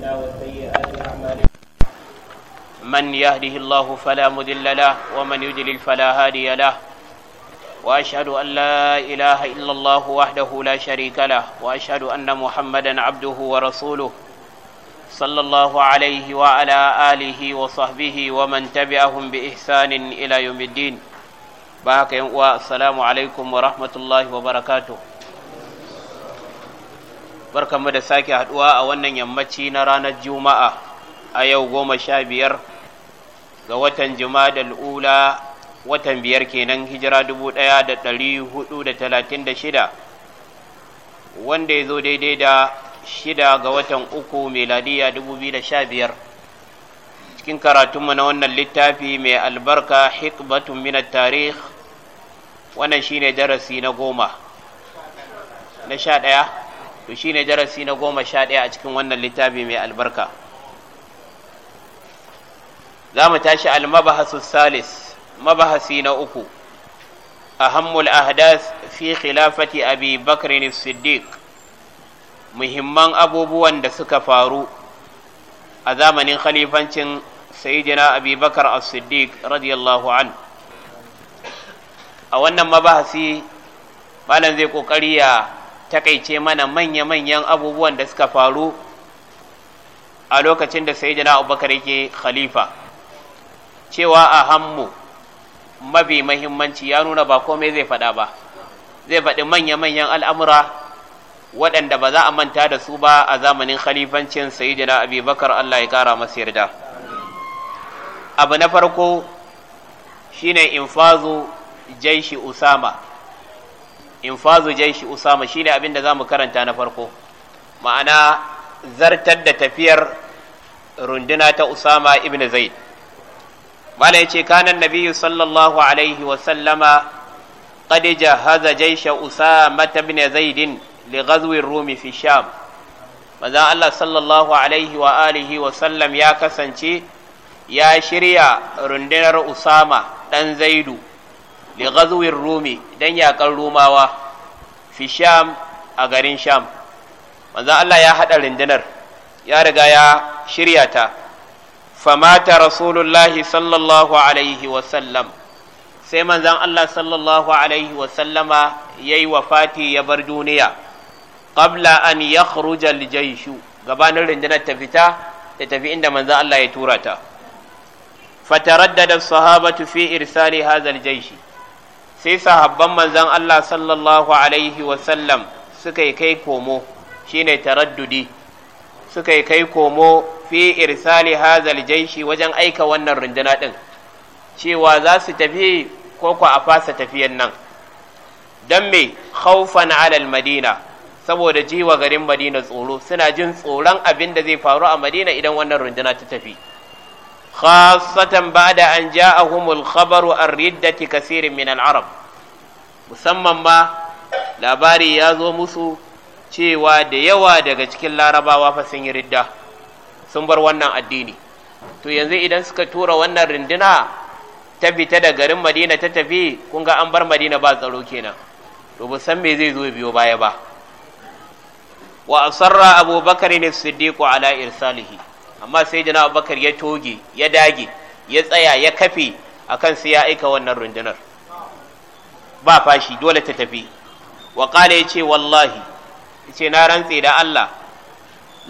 أنفسنا وسيئات أعمالنا من يهده الله فلا مذل له ومن يدلل فلا هادي له وأشهد أن لا إله إلا الله وحده لا شريك له وأشهد أن محمدا عبده ورسوله صلى الله عليه وعلى آله وصحبه ومن تبعهم بإحسان إلى يوم الدين باقي والسلام عليكم ورحمة الله وبركاته barkanmu da sake haduwa a wannan yammaci na ranar juma'a a yau goma sha biyar ga watan da ula watan biyar kenan hijira dubu ɗaya da ɗari hudu da talatin da shida wanda ya zo daidai da shida ga watan uku meladiya dubu biyu da sha biyar cikin karatunmu na wannan littafi mai albarka hikmatun minat tarih wannan shine darasi na goma na sha ɗaya to shine darasi na goma sha ɗaya a cikin wannan littafi mai albarka za mu tashi almabahasu salis mabahasi na uku ahammul ahdas fi khilafati abi bakrin siddiq muhimman abubuwan da suka faru a zamanin khalifancin sayyidina abubakar as-siddiq radiyallahu an a wannan mabahasi malam zai kokari ya takaice mana manya-manyan abubuwan da suka faru a lokacin da sai jana abubakar yake khalifa cewa a hammu mabi mahimmanci ya nuna ba komai zai faɗa ba zai faɗi manya-manyan al'amura waɗanda ba za a manta da su ba a zamanin khalifancin sai jana abubakar allah ya ƙara masu yarda abu na farko shine infazu jaishi usama infazu jaishi usama shine abin da za mu karanta na farko ma'ana zartar da tafiyar runduna ta usama ibn zaid ya yace kanan nabiyu sallallahu alaihi wa sallama haza jaisha usama ibn zaid li ghazwi rumi fi sham manzon Allah sallallahu alaihi wa alihi wa sallam ya kasance ya shirya rundunar usama dan zaidu li ghazwir rumi dan yakan rumawa fi sham a garin sham manzo Allah ya hada rundunar ya riga ya shirya ta famata rasulullahi sallallahu alaihi wa sallam sai manzon Allah sallallahu alaihi wa sallama yayi wafati ya bar duniya qabla an yakhruja al-jayshu gabanin rundunar ta fita ta tafi inda manzon Allah ya tura ta fataraddada sahabatu fi irsali hadha al sai sahabban manzon Allah sallallahu alaihi wasallam suka yi kai komo shine taraddudi suka yi kai komo fi irsali hazal jaishi wajen aika wannan runduna din cewa za su tafi ko ku a fasa tafiyan nan don me khaufan alal madina saboda jiwa garin madina tsoro suna jin tsoron abin da zai faru a madina idan wannan runduna ta tafi khasatan ba'da an ja'ahumul khabaru an riddati kasirin min al-arab musamman ma labari ya zo musu cewa da yawa daga cikin larabawa fa sun yi ridda sun bar wannan addini to yanzu idan suka tura wannan rinduna ta fita da garin madina ta tafi kun ga an bar madina ba tsaro kenan to ba san me zai zo biyo baya ba wa asarra abubakar ne siddiqu ala irsalihi amma sai jina abubakar ya toge ya dage ya tsaya ya kafe akan sai ya aika wannan rundunar ba fashi dole ta tafi wa kala ya ce wallahi ya ce na rantse da Allah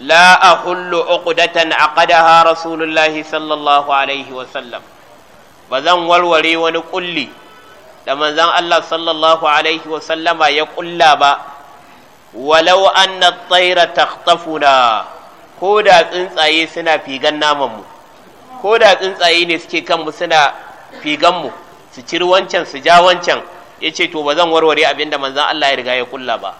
la a hullu uqdatan aqadaha rasulullahi sallallahu alaihi wa sallam ba zan warware wani kulli da manzon Allah sallallahu alaihi wa sallama ya kulla ba walau anna at-tayra ko da tsuntsaye suna figan namanmu ko da tsuntsaye ne suke kanmu suna figanmu su ciri wancan su ja wancan ya ce to ba zan warware abin da manzan Allah ya riga ya kulla ba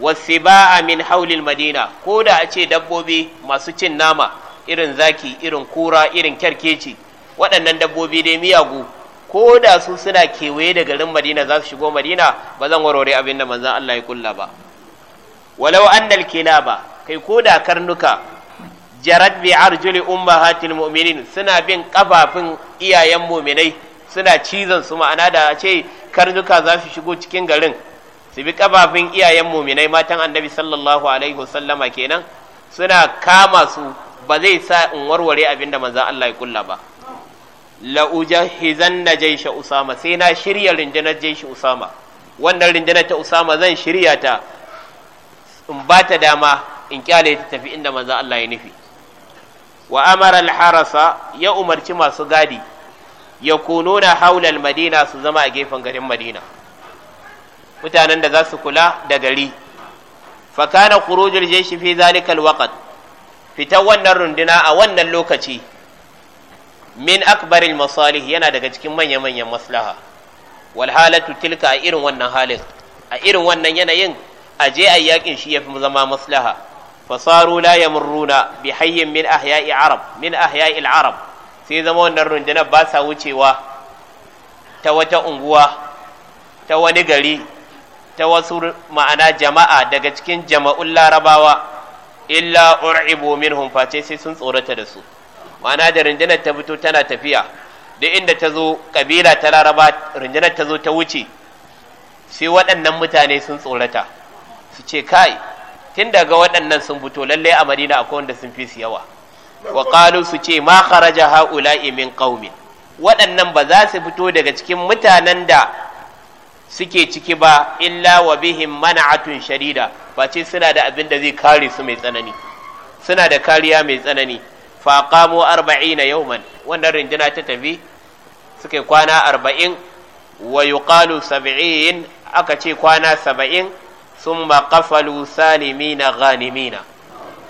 wasu ba a min haulin madina ko da a ce dabbobi masu cin nama irin zaki irin kura irin kyarkeci waɗannan dabbobi dai miyagu ko da su suna kewaye da garin madina za su shigo madina ba zan warware abin da manzan Allah ya kulla ba walau annal ba. kai ko da karnuka jarat bi arjuli ummahatil mu'minin suna bin kafafin iyayen mu'minai suna cizon su ma'ana da ce karnuka za su shigo cikin garin su bi kafafin iyayen mu'minai matan annabi sallallahu alaihi wasallama kenan suna kama su ba zai sa in warware abinda manzon Allah ya kula ba la na jaysha usama sai na shirya rindinar jayshi usama wannan rindinar ta usama zan shirya ta in ba ta dama in kyale ta tafi inda manzo Allah ya nufi wa amara harasa ya umarci masu gadi ya kununa haulal madina su zama a gefen garin madina mutanen da za su kula da gari fakana khurujul jayshi fi zalikal waqt fitar wannan runduna a wannan lokaci min akbaril masalih yana daga cikin manya manyan maslaha wal halatu tilka a irin wannan halin a irin wannan yanayin a je a yakin shi yafi zama maslaha fasaru la yamurruna bi hayyin min ahya'i arab min ahya'i arab sai zama wannan rundunar ba sa wucewa ta wata unguwa ta wani gari ta wasu ma'ana jama'a daga cikin jama'un larabawa illa ur'ibu minhum face sai sun tsorata da su ma'ana da rundunar ta fito tana tafiya da inda ta zo kabila ta laraba rundunar ta zo ta wuce sai waɗannan mutane sun tsorata su ce kai tun daga waɗannan sun fito lallai a madina akwai wanda sun fi su yawa wa ƙalu su ce ma kharaja haula'i min qaumin waɗannan ba za su fito daga cikin mutanen da suke ciki ba illa wa bihim mana'atun sharida ba ce suna da abin da zai kare su mai tsanani suna da kariya mai tsanani fa qamu yau yawman wannan rinduna ta tafi suke kwana 40 wa yuqalu 70 aka ce kwana saba'in. sun makafalu salimina ganimina,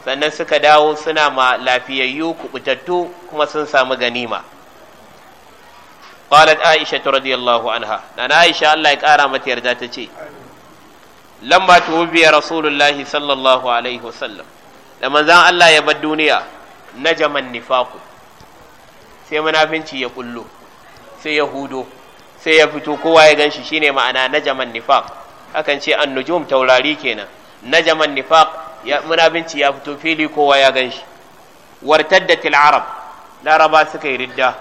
sannan suka dawo suna ma lafiyayyu kubutattu kuma sun samu ganima qalat aisha radiyallahu anha na aisha Allah ya kara mata yarda ta ce lamma tuwbiya rasulullahi sallallahu alaihi wasallam da manzan Allah ya bar duniya Na jaman nifaku sai munafinci ya kullu sai ya hudo sai ya fito kowa ya ganshi shine ma'ana na najaman nifaku akan ce an nujum taurari kenan Na najaman nifaq ya munabinci ya fito fili kowa ya ganshi wartaddatil arab laraba suka yi ridda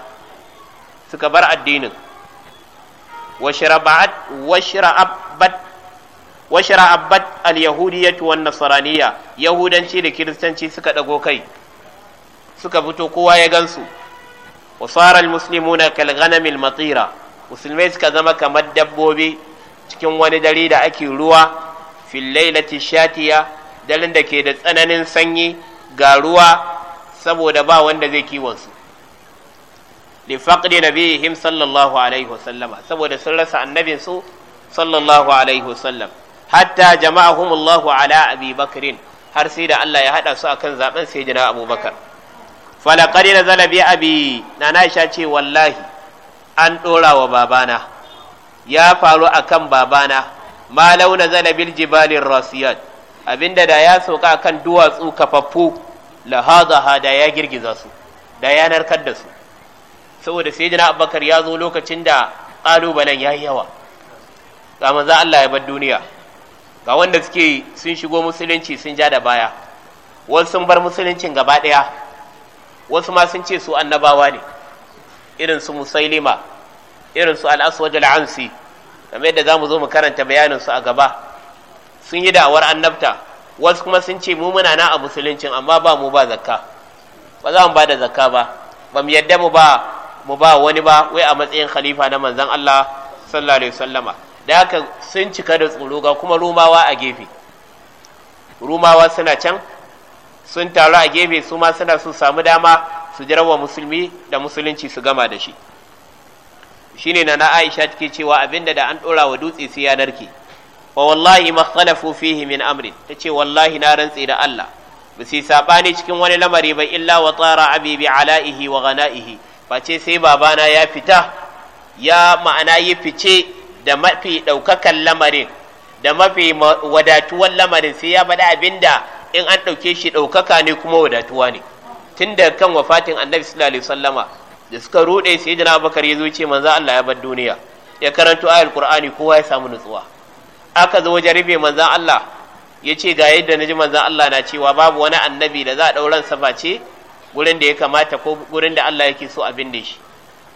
suka bar addinin washra'abat washra'abat al-yahudiyyatu wa nasraniyya yahudanci da kiristanci suka dago kai suka fito kowa ya gansu wa sara al-muslimuna kal ghanamil matira musulmai suka zama kamar dabbobi cikin wani dare da ake ruwa fil shatiya daren da ke da tsananin sanyi ga ruwa saboda ba wanda zai kiwon su li faqdi nabihim sallallahu alaihi wasallama saboda sun rasa annabin su sallallahu alaihi wasallam hatta jama'ahum Allahu ala Abi Bakrin har sai da Allah ya hada su akan zaben sai jina abubakar. Bakar falaqad nazala bi abi nana sha ce wallahi an dora wa babana ya faru a kan babana ma launa zana bil jibalin rasiyat abinda da ya sauka kan duwatsu kafaffu lahazaha da ya girgiza su da yanar narkar da su saboda jina abubakar ya zo lokacin da ƙalubalen ya yi yawa ga maza Allah ya bar duniya ga wanda suke sun shigo musulunci sun ja da baya wasu sun bar musuluncin gaba ɗaya wasu ma sun ce su annabawa ne irin su musailima irin su al'aswaj al'ansi ansi kamar yadda zamu zo mu karanta bayanin su a gaba sun yi da'awar annabta wasu kuma sun ce mu muna na a musuluncin amma ba mu ba zakka ba za mu ba da zakka ba ba mu yadda mu ba mu ba wani ba wai a matsayin khalifa na manzon Allah sallallahu alaihi wasallama da haka sun cika da tsoro ga kuma rumawa a gefe rumawa suna can sun taru a gefe su ma suna su samu dama su jarawa musulmi da musulunci su gama da shi shine na na Aisha take cewa abinda da an dora wa dutse sai ya narke wa wallahi ma khalafu fihi min amrin tace wallahi na rantse da Allah ba sai sabani cikin wani lamari ba illa wa tsara abi bi ala'ihi wa ghana'ihi ce sai babana ya fita ya ma'ana yi fice da mafi daukakan lamarin da mafi wadatuwan lamarin sai ya bada abinda in an dauke shi daukaka ne kuma wadatuwa ne tun da kan wafatin annabi sallallahu alaihi wasallama da suka rude sai jana abubakar ya zo ce manzo Allah ya bar duniya ya karanto ayar qur'ani kowa ya samu nutsuwa aka zo wajen rufe Allah ya ce ga yadda na ji manzan Allah na cewa babu wani annabi da za a ɗauran sa face gurin da ya kamata ko gurin da Allah yake so abin da shi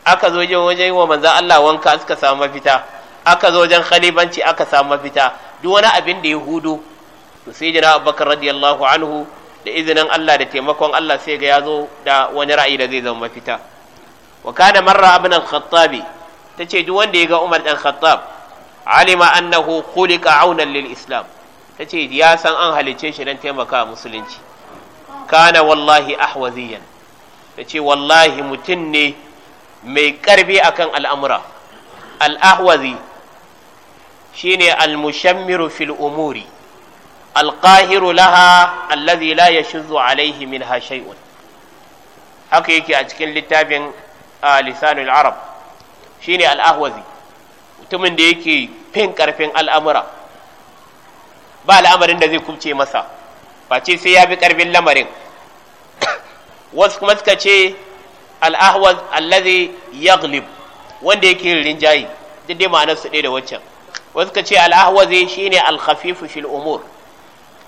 aka zo wajen wajen wa manzan Allah wanka suka samu mafita aka zo wajen khalibanci aka samu mafita duk wani abin da ya hudu to sai jira Abubakar radiyallahu anhu da izinin Allah da taimakon Allah sai ga ya zo da wani ra'ayi da zai zama mafita wa kana marra ibn al-khattab tace duk wanda ya ga Umar dan Khattab alima annahu khuliqa aunan lil islam tace ya san an halice shi dan taimaka musulunci kana wallahi ahwaziyan tace wallahi mutum ne mai karbi akan al'amura al-ahwazi shine al-mushammiru fil umuri القاهر لها الذي لا يشذ عليه منها شيء haka yake a cikin littafin a al arab shine al-ahwazi mutumin da yake fin karfin al'amura ba al'amarin da zai kubce masa face sai ya bi karfin lamarin wasu kuma suka ce al'ahwaz allazi yaglib wanda yake rinjayi duk dai ma'anar su ɗaya da waccan wasu ka ce al'ahwazi shine al-khafifu fil umur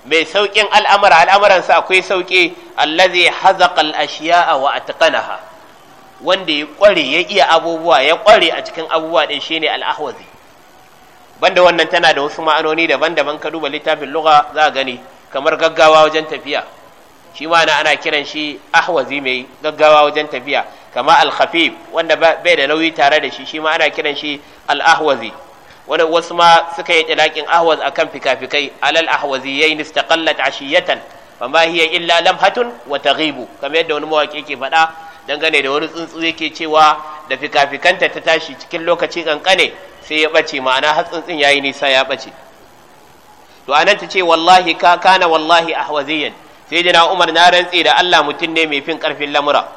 mai sauƙin al'amura al'amuransa akwai sauƙi allazi hazaqa al-ashiya'a wa atqanaha wanda ya kware ya iya abubuwa ya kware a cikin abubuwa ɗin shine al'ahwazi banda wannan tana da wasu ma'anoni daban-daban ka duba littafin lugha za a gani kamar gaggawa wajen tafiya shi ma'ana ana kiran shi ahwazi mai gaggawa wajen tafiya kama al wanda bai da nauyi tare da shi shi ma ana kiran shi al'ahwazi wani wasu ma suka yi tilakin ahwaz akan fikafikai alal yayi nistaqallat ashiyatan fama hiya illa lamhatun wa taghibu kamar yadda wani mawaki ke faɗa dangane da wani tsuntsu yake cewa da fikafikanta ta tashi cikin lokaci kankane sai ya bace ma'ana har tsuntsun yayi nisa ya bace to anan ta ce wallahi ka kana wallahi ahwaziyan sai jina Umar na rantse da Allah mutum ne mai fin karfin lamura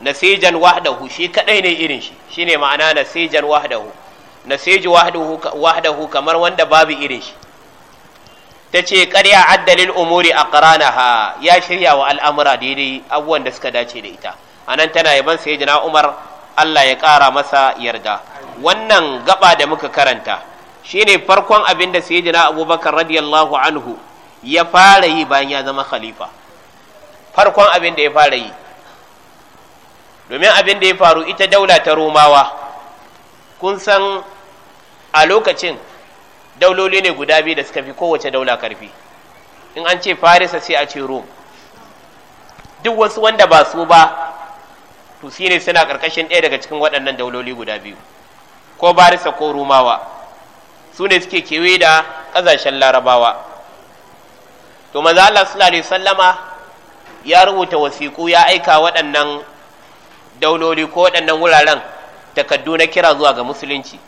nasijan wahdahu shi kadai ne irin shi shine ma'ana nasijan wahdahu wahdahu kamar wanda babu irin shi ta ce ƙarya addalil umuri a ƙaranaha ya shirya wa al'amura daidai abubuwan da suka dace da ita anan tana yaban sayyidina Umar Allah ya ƙara masa yarda wannan gaba da muka karanta shine farkon abin da sayyidina Abubakar radiyallahu anhu ya fara yi bayan ya zama khalifa farkon abin da ya fara yi domin abin da ya faru ita daula ta romawa kun san a lokacin dauloli ne guda biyu da suka fi kowace daula karfi in an ce farisa sai a ce rom duk wasu wanda ba su ba to shine suna karkashin ɗaya daga cikin waɗannan dauloli guda biyu ko barisa ko rumawa su ne suke kewaye da ƙasashen larabawa to maza Allah sallallahu alaihi sallama ya rubuta wasiƙu ya aika waɗannan dauloli ko waɗannan wuraren takaddu na kira zuwa ga musulunci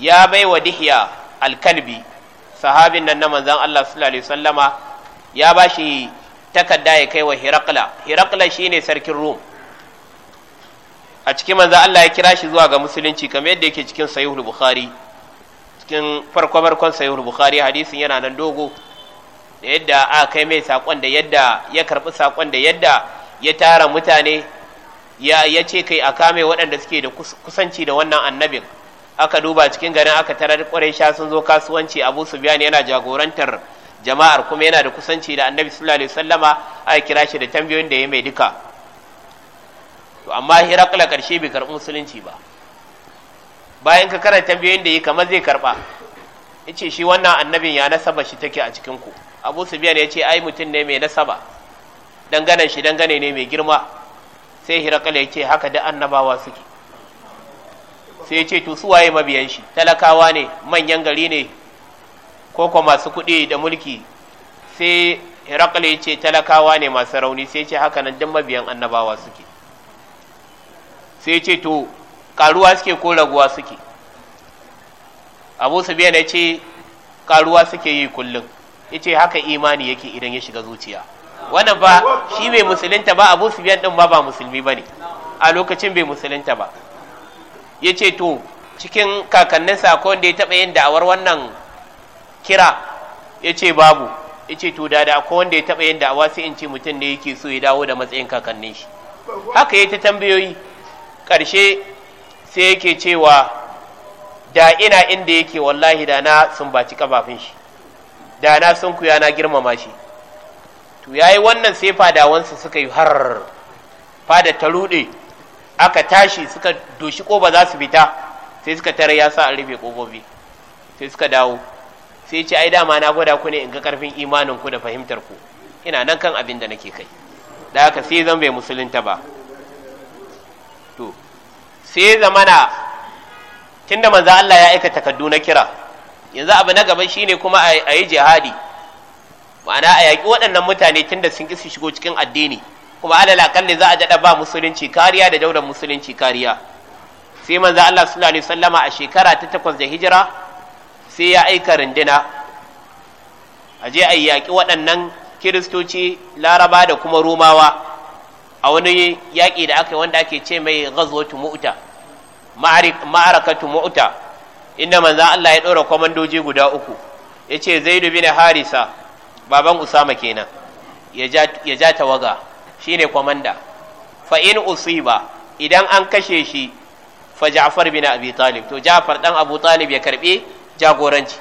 ya bai wa dihiya alkalbi sahabin nan na manzan Allah sallallahu alaihi sallama ya ba shi takadda ya kai wa hirakla hirakla shine sarkin rum a cikin manzo Allah ya kira shi zuwa ga musulunci kamar yadda yake cikin sahihul bukhari cikin farko farkon sahihul bukhari hadisin yana nan dogo da yadda a kai mai sakon da yadda ya karbi sakon da yadda ya tara mutane ya ya ce kai a kame waɗanda suke da kusanci da wannan annabin aka duba cikin garin aka tarar ƙwarai sun zo kasuwanci abu sufyan yana jagorantar jama'ar kuma yana da kusanci da annabi sallallahu alaihi wasallama aka kira shi da tambayoyin da ya mai duka to amma hirakla karshe bai karɓi musulunci ba bayan ka karanta tambayoyin da yi kamar zai karɓa ya ce shi wannan annabin ya nasaba shi take a cikin ku abu biyar ya ce ai mutum ne mai nasaba Dangane shi dangane ne mai girma sai hirakla ya ce haka da annabawa suke sai ya ce to su waye mabiyan shi talakawa ne manyan gari ne Koko masu kuɗi da mulki sai hirakla ya ce talakawa ne masu rauni sai ya ce haka nan duk mabiyan annabawa suke sai ce to karuwa suke ko raguwa suke abu sufiyan ya ce karuwa suke yi kullum ya ce haka imani yake idan ya shiga zuciya wannan ba shi mai musulunta ba abu su din ɗin ba ba musulmi ba ne a lokacin bai musulunta ba ya ce to cikin kakanninsa ko da ya taɓa yin da'awar wannan kira ya ce babu ya ce to da da ko wanda ya taɓa yin da'awa sai in ce mutum ne yake so ya dawo da matsayin kakannin shi haka ya ta tambayoyi ƙarshe sai yake cewa da ina inda yake wallahi da na sumbaci kafafin shi da na sunkuya na girmama shi to yayi wannan sai fadawansa suka yi har fada ta rude aka tashi suka doshi ba za su fita sai suka tare ya sa an rufe ƙofofi sai suka dawo sai ce ai dama na gwada ku ne in ga karfin imanin ku da fahimtar ku ina nan kan abin da nake kai da haka sai zan bai musulunta ba sai zamana tunda manzo Allah ya aika takaddu na kira yanzu abu na gaba shine kuma a yi jihadi ma'ana a yaƙi waɗannan mutane tunda sun ƙi su shigo cikin addini kuma alal akalli za a daɗa ba musulunci kariya da daura musulunci kariya sai manzo Allah sallallahu alaihi wasallama a shekara ta takwas da hijira sai ya aika rindina a je a yaƙi waɗannan kiristoci laraba da kuma romawa a wani yaƙi da aka yi wanda ake ce mai ghazwatu mu'ta ma'arakatu mu'uta inda manzan Allah ya ɗora kwamandoji guda uku ya ce dubi na harisa baban usama kenan ya ja tawaga shi ne kwamanda fa'in usiba idan an kashe shi fa ja'far bin abi talib to ja'far dan abu talib ya karbe jagoranci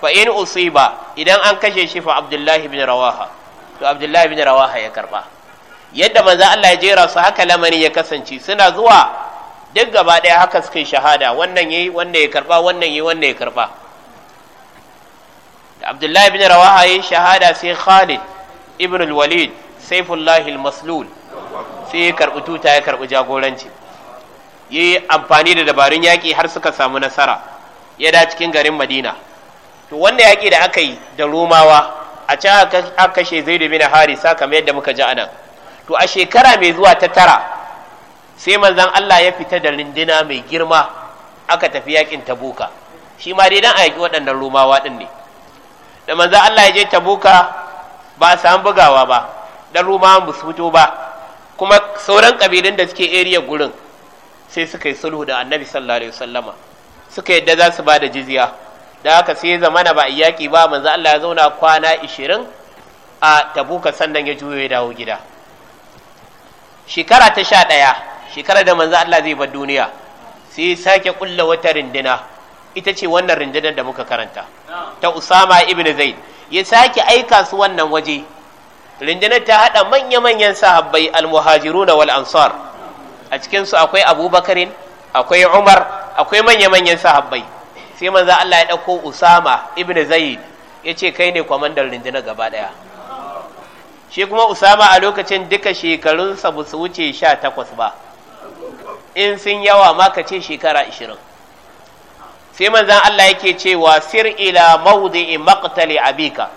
fa in usiba idan an kashe shi fa abdullahi bin rawaha to abdullahi bin rawaha ya karba yadda manzo Allah ya jera su haka lamarin ya kasance suna zuwa duk gaba ɗaya haka suka yi shahada wannan yayi wanda ya karba wannan yayi wanda ya karba Abdullahi ibn Rawaha yi shahada sai Khalid ibn al-Walid Saifullah maslul sai ya karbi tuta ya karbi jagoranci yayi amfani da dabarun yaƙi har suka samu nasara ya da cikin garin Madina to wanda yaki da aka yi da Romawa a can aka kashe Zaid bin Harisa kamar yadda muka ji anan to a shekara mai zuwa ta tara sai manzan Allah ya fita da rindina mai girma aka tafi yakin tabuka shi ma dai dan a yaki waɗannan rumawa ɗin ne da manzan Allah ya je tabuka ba a samu bugawa ba dan romawa ba su fito ba kuma sauran ƙabilun da suke area gurin sai suka yi sulhu da annabi sallallahu alaihi wasallama suka yadda za su ba da jizya da haka sai zamana ba iyaki ba manzan Allah ya zauna kwana 20 a tabuka sannan ya juyo ya dawo gida shekara ta sha ɗaya shekara da manzo Allah zai bar duniya sai sake kulla wata rindina ita ce wannan rindinar da muka karanta ta Usama ibn Zaid ya sake aika su wannan waje rindinar ta hada manya-manyan sahabbai al-muhajirun wal ansar a cikin su akwai Abubakarin akwai Umar akwai manya-manyan sahabbai sai manzo Allah ya dauko Usama ibn Zaid yace kai ne kwamandan rindinar gaba daya shi kuma usama a lokacin duka shekarunsa ba su wuce sha takwas ba in sun yawa maka ce shekara ishirin sai manzan Allah yake cewa sir ila in a abika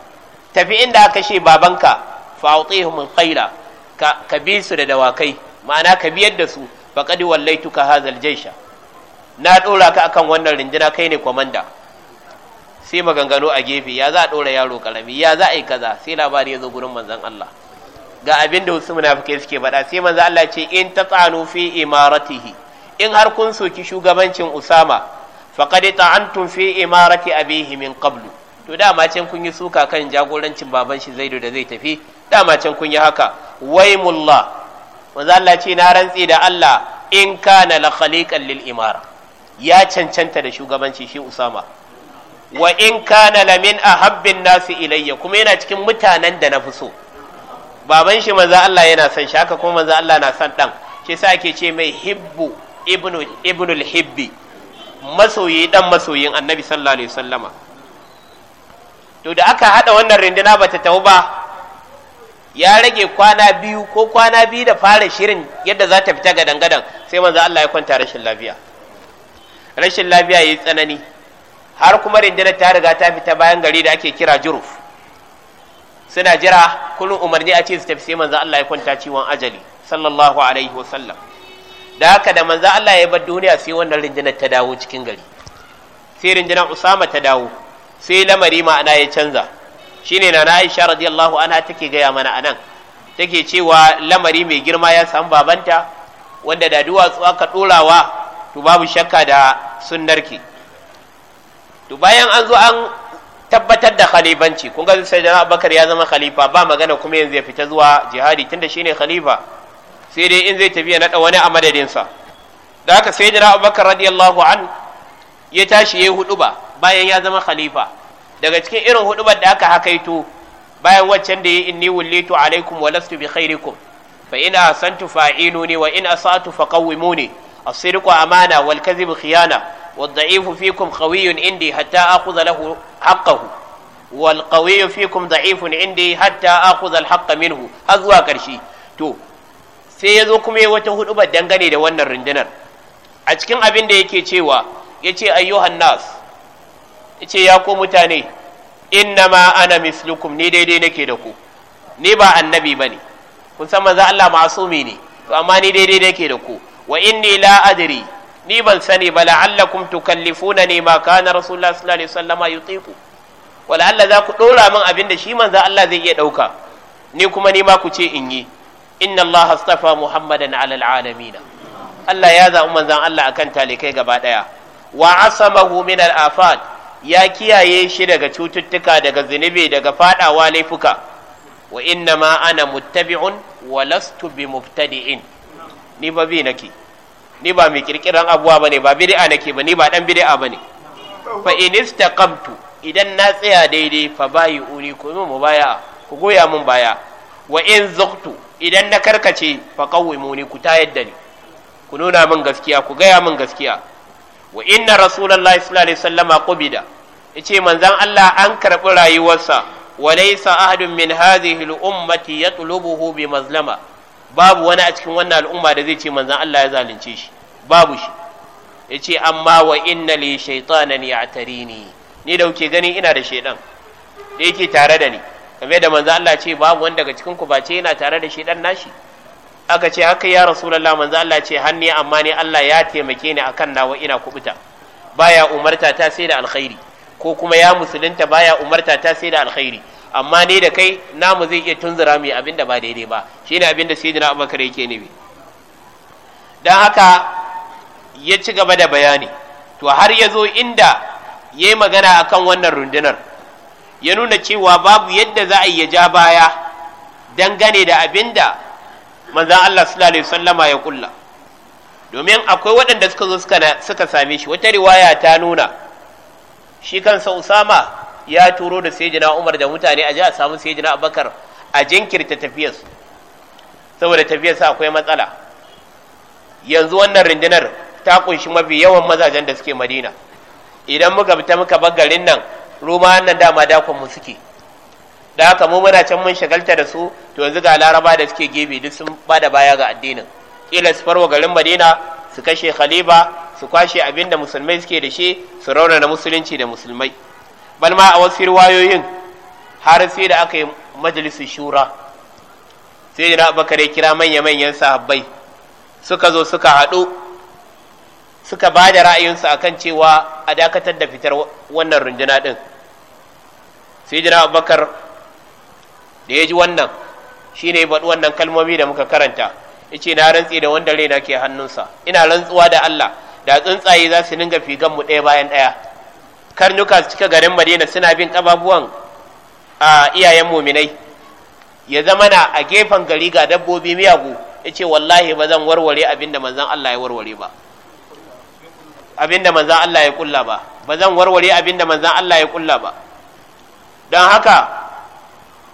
tafi inda aka shi babanka fa'auti mun kaira ka bi su da dawakai ma'ana ka biyar da su faqad wallaituka hadha al-jaysha na ɗora ka akan wannan rinjina kai ne kwamanda sai maganganu a gefe ya za a ɗora yaro ƙarami. ya za a yi kaza sai labari ya zo gurin manzan Allah ga abin da wasu munafukai suke faɗa sai maza Allah ce in ta tatsanu fi imaratihi in har kun soki shugabancin Usama faqad ta'antum fi imarati abihi min qablu to dama can kun yi suka kan jagorancin baban shi Zaidu da zai tafi dama can kun yi haka wai mulla manzo Allah ce na rantsi da Allah in kana la khaliqan lil imara ya cancanta da shugabanci shi Usama wa in kana lamin ahabbin nasu ilayya kuma yana cikin mutanen da na fi so baban shi manzo Allah yana son shi haka kuma manzo Allah na son dan shi yasa ake ce mai hibbu ibnu ibnul hibbi masoyi dan masoyin annabi sallallahu alaihi wasallama to da aka hada wannan rinduna bata tauba ba ya rage kwana biyu ko kwana biyu da fara shirin yadda za ta fita gadan gadan sai manzo Allah ya kwanta rashin lafiya rashin lafiya yayi tsanani har kuma rindinar ta riga ta fita bayan gari da ake kira juruf suna jira kullum umarni a ce su tafi sai manzo Allah ya kwanta ciwon ajali sallallahu alaihi wasallam da haka da manzo Allah ya bar duniya sai wannan rindinar ta dawo cikin gari sai rindinar Usama ta dawo sai lamari ma'ana ya canza shine na Aisha radiyallahu anha take gaya mana anan take cewa lamari mai girma ya samu babanta wanda da duwatsu aka dorawa to babu shakka da sunnarki to bayan an zo an tabbatar da khalifanci kun ga sai da Abubakar ya zama khalifa ba magana kuma yanzu ya fita zuwa jihadi tunda shine khalifa sai dai in zai tafi na da wani a madadin sa da haka sai da Abubakar radiyallahu an ya tashi yayi huduba bayan ya zama khalifa daga cikin irin hudubar da aka hakaito bayan waccan da ya inni wullitu alaikum wa lastu bi khairikum fa in asantu fa'inuni wa in asatu ne? as-sidqu amana wal kadhibu khiyana wad da'ifu fikum qawiyyun indi hatta akhudha lahu haqqahu wal qawiyyu minhu har zuwa karshe to sai ya zo kuma ya wata hudubar dangane da wannan rundunar a cikin abin da yake cewa ya ce ayyuhan nas ya ce ya ko mutane innama ana mislukum ni daidai nake da ku ni ba annabi ba ne kun san manzo Allah ma'asumi ne to amma ni daidai nake da ku wa inni la adri ni ban sani ba la'allakum tukallifuna ne ma kana rasulullah sallallahu alaihi wasallama yutiqu wa la'alla za ku dora min abin da shi manzo Allah zai iya dauka ni kuma ni ma ku ce in yi inna Allah astafa muhammadan alal alamin Allah ya zaɓi manzon Allah akan talikai gaba daya wa asamahu min al afat ya kiyaye shi daga cututtuka daga zunubi daga fadawa laifuka wa inna ma ana muttabi'un wa lastu bi mubtadi'in ni ba bi nake ni ba mai kirkiran abuwa bane ba bid'a nake ba ni ba dan bid'a bane fa in istaqamtu idan na tsaya daidai fa bayi uri ku mu mubaya ku goya mun baya wa in zuqtu idan na karkace fa qawwimuni ku tayar da ni ku nuna min gaskiya ku gaya min gaskiya wa inna rasulullahi sallallahu alaihi wasallama qubida yace manzon Allah an karbi rayuwarsa wa laysa ahadun min hadhihi al-ummati yatlubuhu bi mazlama babu wani a cikin wannan al'umma da zai ce manzan Allah ya zalunce shi babu shi ya ce amma wa inna li shaitanan ya tare ni ni da kuke gani ina da shaidan da yake tare da ni kame da manzan Allah ce babu wanda daga cikin ku ba ce yana tare da shaidan nashi aka ce haka ya rasulullah manzan Allah ce hanni amma ne Allah ya taimake ni akan nawa ina kubuta baya umarta ta sai da alkhairi ko kuma ya musulunta baya umarta ta sai da alkhairi amma ne da kai namu zai iya tunzura mai abin da ba daidai ba shi ne abin da sai jina abubakar yake nufi don haka ya ci gaba da bayani to har ya zo inda ya yi magana akan wannan rundunar ya nuna cewa babu yadda za a yi ya ja baya dangane da abin da manzan Allah sallallahu sallama ya kulla domin akwai waɗanda suka zo suka same shi wata riwaya ta nuna shi kansa usama ya turo da sayyidina Umar da mutane a je a samu sayyidina Abubakar a jinkirta tafiyarsu saboda tafiyarsa akwai matsala yanzu wannan rundunar ta kunshi mafi yawan mazajen da suke Madina idan muka fita muka bar garin nan Roma nan dama dakon mu suke da haka mu muna can mun shagalta da su to yanzu ga Laraba da suke gefe duk sun bada baya ga addinin kila su farwa garin Madina su kashe khalifa su kwashe abin da musulmai suke da shi su raunana musulunci da musulmai balma a wasu riwayoyin har sai da aka yi majalisun shura sai da abubakar ya kira manya-manyan sahabbai suka zo suka haɗu suka ba da ra'ayinsu kan cewa a dakatar da fitar wannan runduna ɗin sai da abubakar da ya ji wannan shi ne baɗi wannan kalmomi da muka karanta ya ce na rantsi da wanda raina ke hannunsa ina rantsuwa da allah da tsuntsaye za su ninga fi mu ɗaya bayan ɗaya karnuka su cika garin madina suna bin ƙababuwan a iyayen muminai ya zama na a gefen gari ga dabbobi miyagu ya ce wallahi ba zan warware abinda manzan Allah ya warware ba abinda manzan Allah ya kulla ba ba zan warware abinda manzan Allah ya kulla ba don haka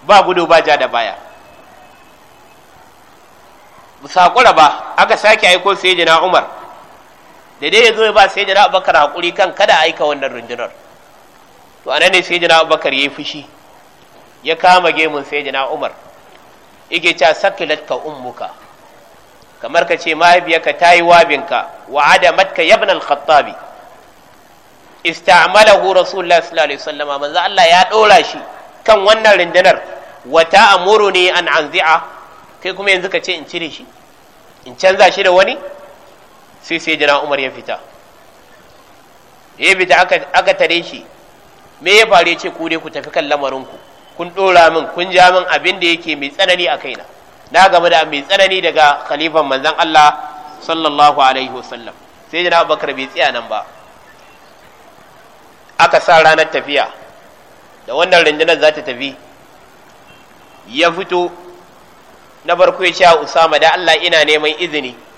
ba gudu ba ja da baya saƙura ba aka sake aiko sai jina umar da dai ya zo ya ba sai jana abubakar haƙuri kan kada a aika wannan rundunar to a ne sai jana abubakar ya yi fushi ya kama gemun sai jana umar ike ca sakilat ka ummuka kamar ka ce mahaifiyarka ta yi wabinka wa ka yabna al-khattabi ista'malahu rasulullah sallallahu alaihi wasallam manzo Allah ya dora shi kan wannan rundunar wa ne an anzi'a kai kuma yanzu ka ce in cire shi in canza shi da wani sai sai jira umar ya fita ya fita aka tare shi me ya faru ya ce ku dai ku tafi kan lamarinku kun ɗora min kun ja min abin da yake mai tsanani a kaina na gama da mai tsanani daga khalifan Manzan Allah sallallahu alaihi wasallam sai jira abubakar bai tsaya nan ba aka sa ranar tafiya da wannan rundunar za ta tafi ya fito na farko ya ce usama da Allah ina neman izini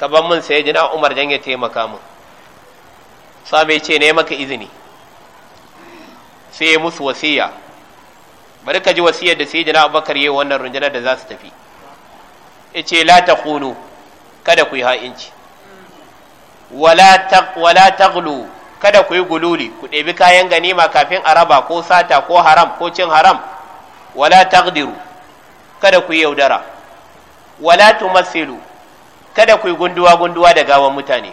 ka ban mun sai jina umar dan ya taimaka min sabai ce ne maka izini sai musu wasiya bari ka ji wasiyar da sai jina abubakar yi wannan rundunar da za su tafi ya ce la ta kunu kada ku yi ha'inci wala taglu kada ku yi gululi ku ɗebi kayan ganima kafin a raba ko sata ko haram ko cin haram wala tagdiru kada ku yi yaudara wala tumassilu kada ku yi gunduwa gunduwa da gawan mutane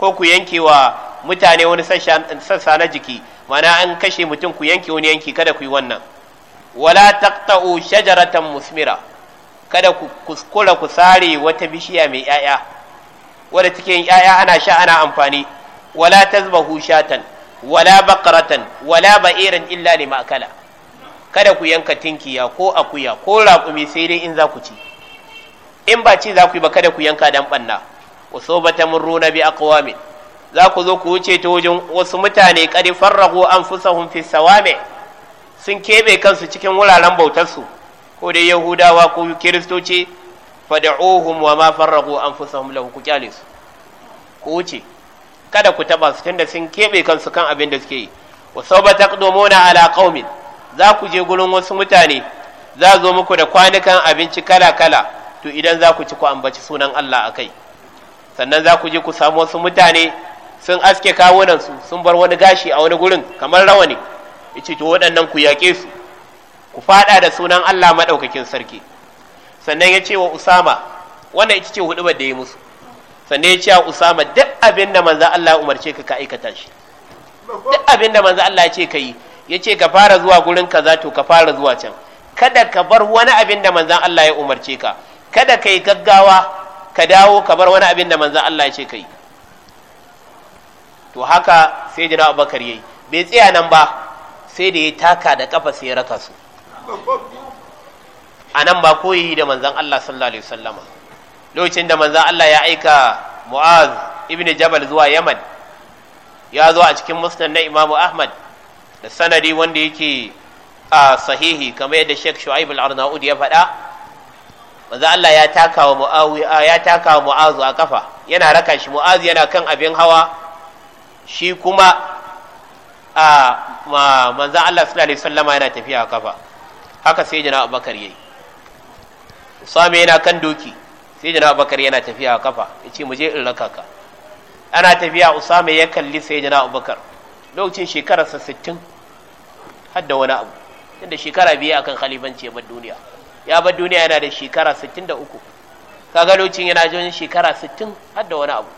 ko ku yanke wa mutane wani sassa na jiki mana an kashe mutum ku yanke wani yanki kada ku yi wannan wala taqta'u shajaratan musmira kada ku kuskura ku sare wata bishiya mai ƴaƴa wadda take ƴaƴa ana sha ana amfani wala tazbahu shatan wala baqratan wala ba'iran illa akala kada ku yanka tinkiya ko akuya ko raƙumi sai dai in za ku ci in ba ci za ku yi ba kada ku yanka dan banna wa sobata murruna bi aqwami za ku zo ku wuce ta wajen wasu mutane kadi farrahu anfusahum fi sawame sun kebe kansu cikin wuraren bautar su ko dai yahudawa ko kiristoci fad'uhum wa ma farrahu anfusahum lahu ku kyale su ku wuce kada ku taba su tunda sun kebe kansu kan abin da suke yi wa sauba taqdumuna ala qaumin za ku je gurin wasu mutane za zo muku da kwanukan abinci kala kala to idan za ku ci ku ambaci sunan Allah a kai sannan za ku je ku samu wasu mutane sun aske kawunansu sun bar wani gashi a wani gurin kamar rawani ice to waɗannan ku yaƙe su ku faɗa da sunan Allah maɗaukakin sarki sannan ya ce wa Usama wannan ita ce huɗubar da ya musu sannan ya ce wa Usama duk abin da manzan Allah umarce ka ka aikata shi duk abin da manzan Allah ya ce ka yi ya ce ka fara zuwa gurin kaza to ka fara zuwa can kada ka bar wani abin da manzan Allah ya umarce ka kada ka yi gaggawa ka dawo ka bar wani abin da manzan Allah ya ce kai to haka sai jina abubakar yayi bai tsaya nan ba sai da ya taka da kafa sai ya raka su a nan ba koyi da manzan Allah sallallahu alaihi wasallama lokacin da manzan Allah ya aika Mu'az ibn Jabal zuwa Yaman ya zo a cikin musnad na Imam Ahmad da sanadi wanda yake a sahihi kamar yadda Sheikh Shu'aib al-Arnaud ya faɗa manzo Allah ya takawa Muawiya ya takawa Mu'azu a kafa yana raka shi Mu'azu yana kan abin hawa shi kuma a manzo Allah sallallahu alaihi wasallama yana tafiya a kafa haka sai jina Abubakar yayi Usama yana kan doki sai jina Abubakar yana tafiya a kafa yace mu je in raka ka ana tafiya Usama ya kalli sai jina Abubakar lokacin shekararsa 60 har da wani abu tunda shekara biyu akan khalifanci ya bar duniya ya bar duniya yana da shekara 63 ka lokacin yana jin shekara 60 har da wani abu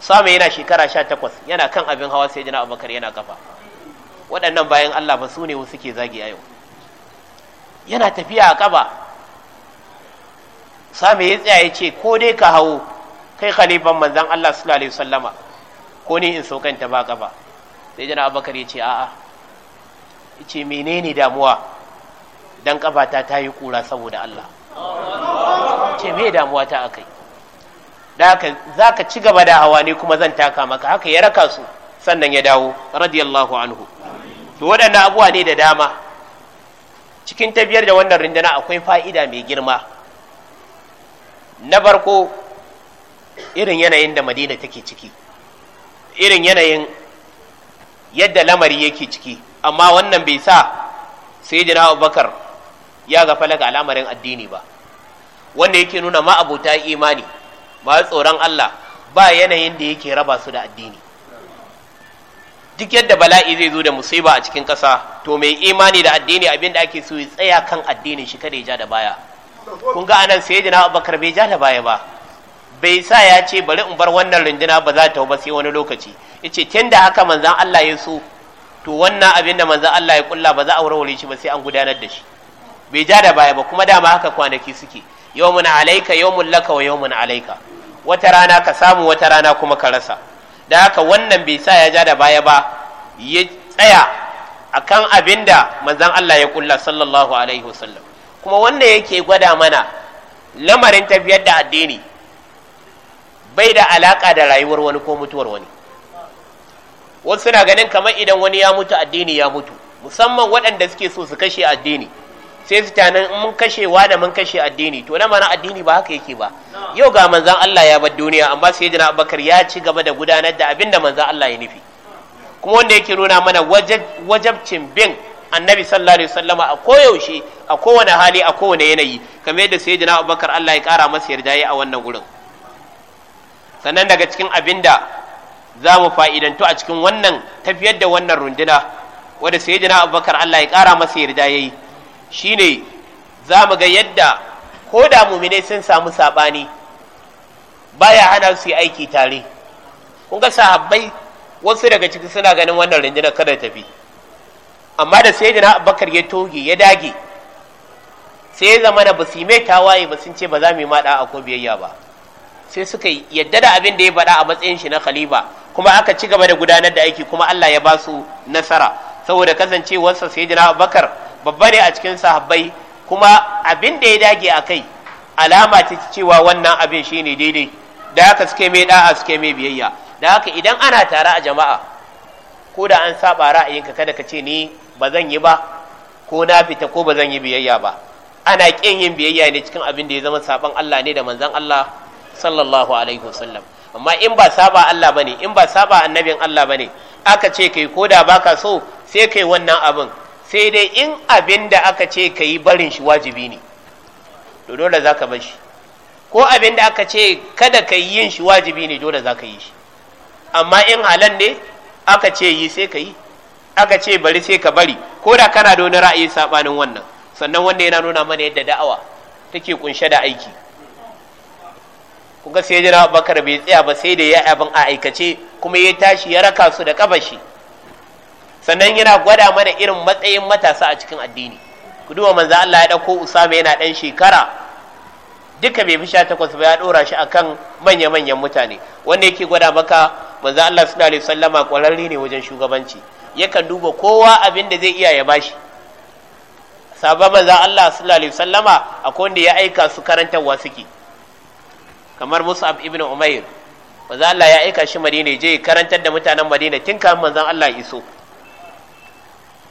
samu yana shekara 18 yana kan abin hawa sai jina abubakar yana kafa waɗannan bayan Allah ba su ne wasu ke zagi a yau yana tafiya a kaba samu ya tsaya ya ce ko dai ka hawo kai khalifan manzan Allah su alaihi sallama, ko ni in saukanta ba kaba sai jina abubakar ya ce a'a ya ce menene damuwa dan kafata ta yi kura saboda Allah ce me damuwa ta akai da zaka ci gaba da hawa ne kuma zan taka maka haka ya raka su sannan ya dawo radiyallahu anhu to waɗannan abuwa ne da dama cikin tafiyar da wannan rindana akwai fa'ida mai girma na barko irin yanayin da madina take ciki irin yanayin yadda lamari yake ciki amma wannan bai sa sai jina abubakar ya ga ga al'amarin addini ba wanda yake nuna ma abota imani ma tsoron Allah ba yanayin da yake raba su da addini duk yadda bala'i zai zo da musiba a cikin ƙasa to mai imani da addini abin da ake so ya tsaya kan addinin shi kada ya ja da baya kun ga anan sai jina abubakar bai ja da baya ba bai sa ya ce bari in bar wannan runduna ba za ta ba sai wani lokaci yace tun da haka manzan Allah ya so to wannan abin da manzan Allah ya kulla ba za a warware shi ba sai an gudanar da shi bai ja da baya ba kuma dama haka kwanaki suke yawmun alaika yawmun laka wa yawmun alaika wata rana ka samu wata rana kuma ka rasa da haka wannan bai sa ya ja da baya ba ya tsaya akan da manzon Allah ya kulla sallallahu alaihi wasallam kuma wanda yake gwada mana lamarin tafiyar da addini bai da alaka da rayuwar wani ko mutuwar wani wasu na ganin kamar idan wani ya mutu addini ya mutu musamman waɗanda suke so su kashe addini sai su tanan mun kashe da mun kashe addini to na mana addini ba haka yake ba yau ga manzan Allah ya bar duniya amma sai jina Abakar ya ci gaba da gudanar da abinda da manzan Allah ya nufi kuma wanda yake nuna mana wajabcin bin annabi sallallahu alaihi wasallama a koyaushe a kowane hali a kowane yanayi kamar yadda sai jina Abakar Allah ya kara masa yarda a wannan gurin sannan daga cikin abinda da za mu fa'idantu a cikin wannan tafiyar da wannan runduna wanda sai jina Abakar Allah ya kara masa yarda yi. shine za mu ga yadda ko da muminai sun samu saɓani baya hana su yi aiki tare kun ga sahabbai wasu daga ciki suna ganin wannan rundunar kada tafi amma da sai da abubakar ya toge ya dage sai ya zama na basu mai tawaye ba sun ce ba za mu yi maɗa a ko biyayya ba sai suka yadda da abin da ya faɗa a matsayin shi na khalifa kuma aka ci gaba da gudanar da aiki kuma Allah ya ba su nasara saboda kasancewarsa sai da abubakar babba ne a cikin sahabbai kuma abin da ya dage a kai alama ta cewa wannan abin shine daidai da haka suke mai da'a suke mai biyayya da haka idan ana tare a jama'a ko da an saba ra'ayinka kada ka ce ni ba zan yi ba ko na fita ko ba zan yi biyayya ba ana ƙin yin biyayya ne cikin abin da ya zama saban Allah ne da manzon Allah sallallahu alaihi wasallam amma in ba saba Allah bane in ba saba annabin Allah bane aka ce kai ko da baka so sai kai wannan abin sai dai in abin da aka ce ka yi barin shi wajibi ne dole za ka bar ko abin da aka ce kada ka yi yin shi wajibi ne dole za ka yi shi amma in halan ne aka ce yi sai ka yi aka ce bari sai ka bari ko da kana da ra'ayi sabanin wannan sannan wanda yana nuna mana yadda da'awa take kunshe da aiki Kuka sai jira bakar bai tsaya ba sai da ya abin a aikace kuma ya tashi ya raka su da kabashi sannan yana gwada mana irin matsayin matasa a cikin addini ku duba manzo Allah ya dauko Usama yana dan shekara duka bai fi sha takwas ba ya dora shi akan manya-manyan mutane wanda yake gwada maka manzo Allah sallallahu alaihi wasallama kwararre ne wajen shugabanci yakan duba kowa abin da zai iya ya bashi sabon manzo Allah sallallahu alaihi wasallama akwai wanda ya aika su karantarwa suke kamar Mus'ab ibn Umair manzo Allah ya aika shi Madina je karantar da mutanen Madina tun kafin manzon Allah iso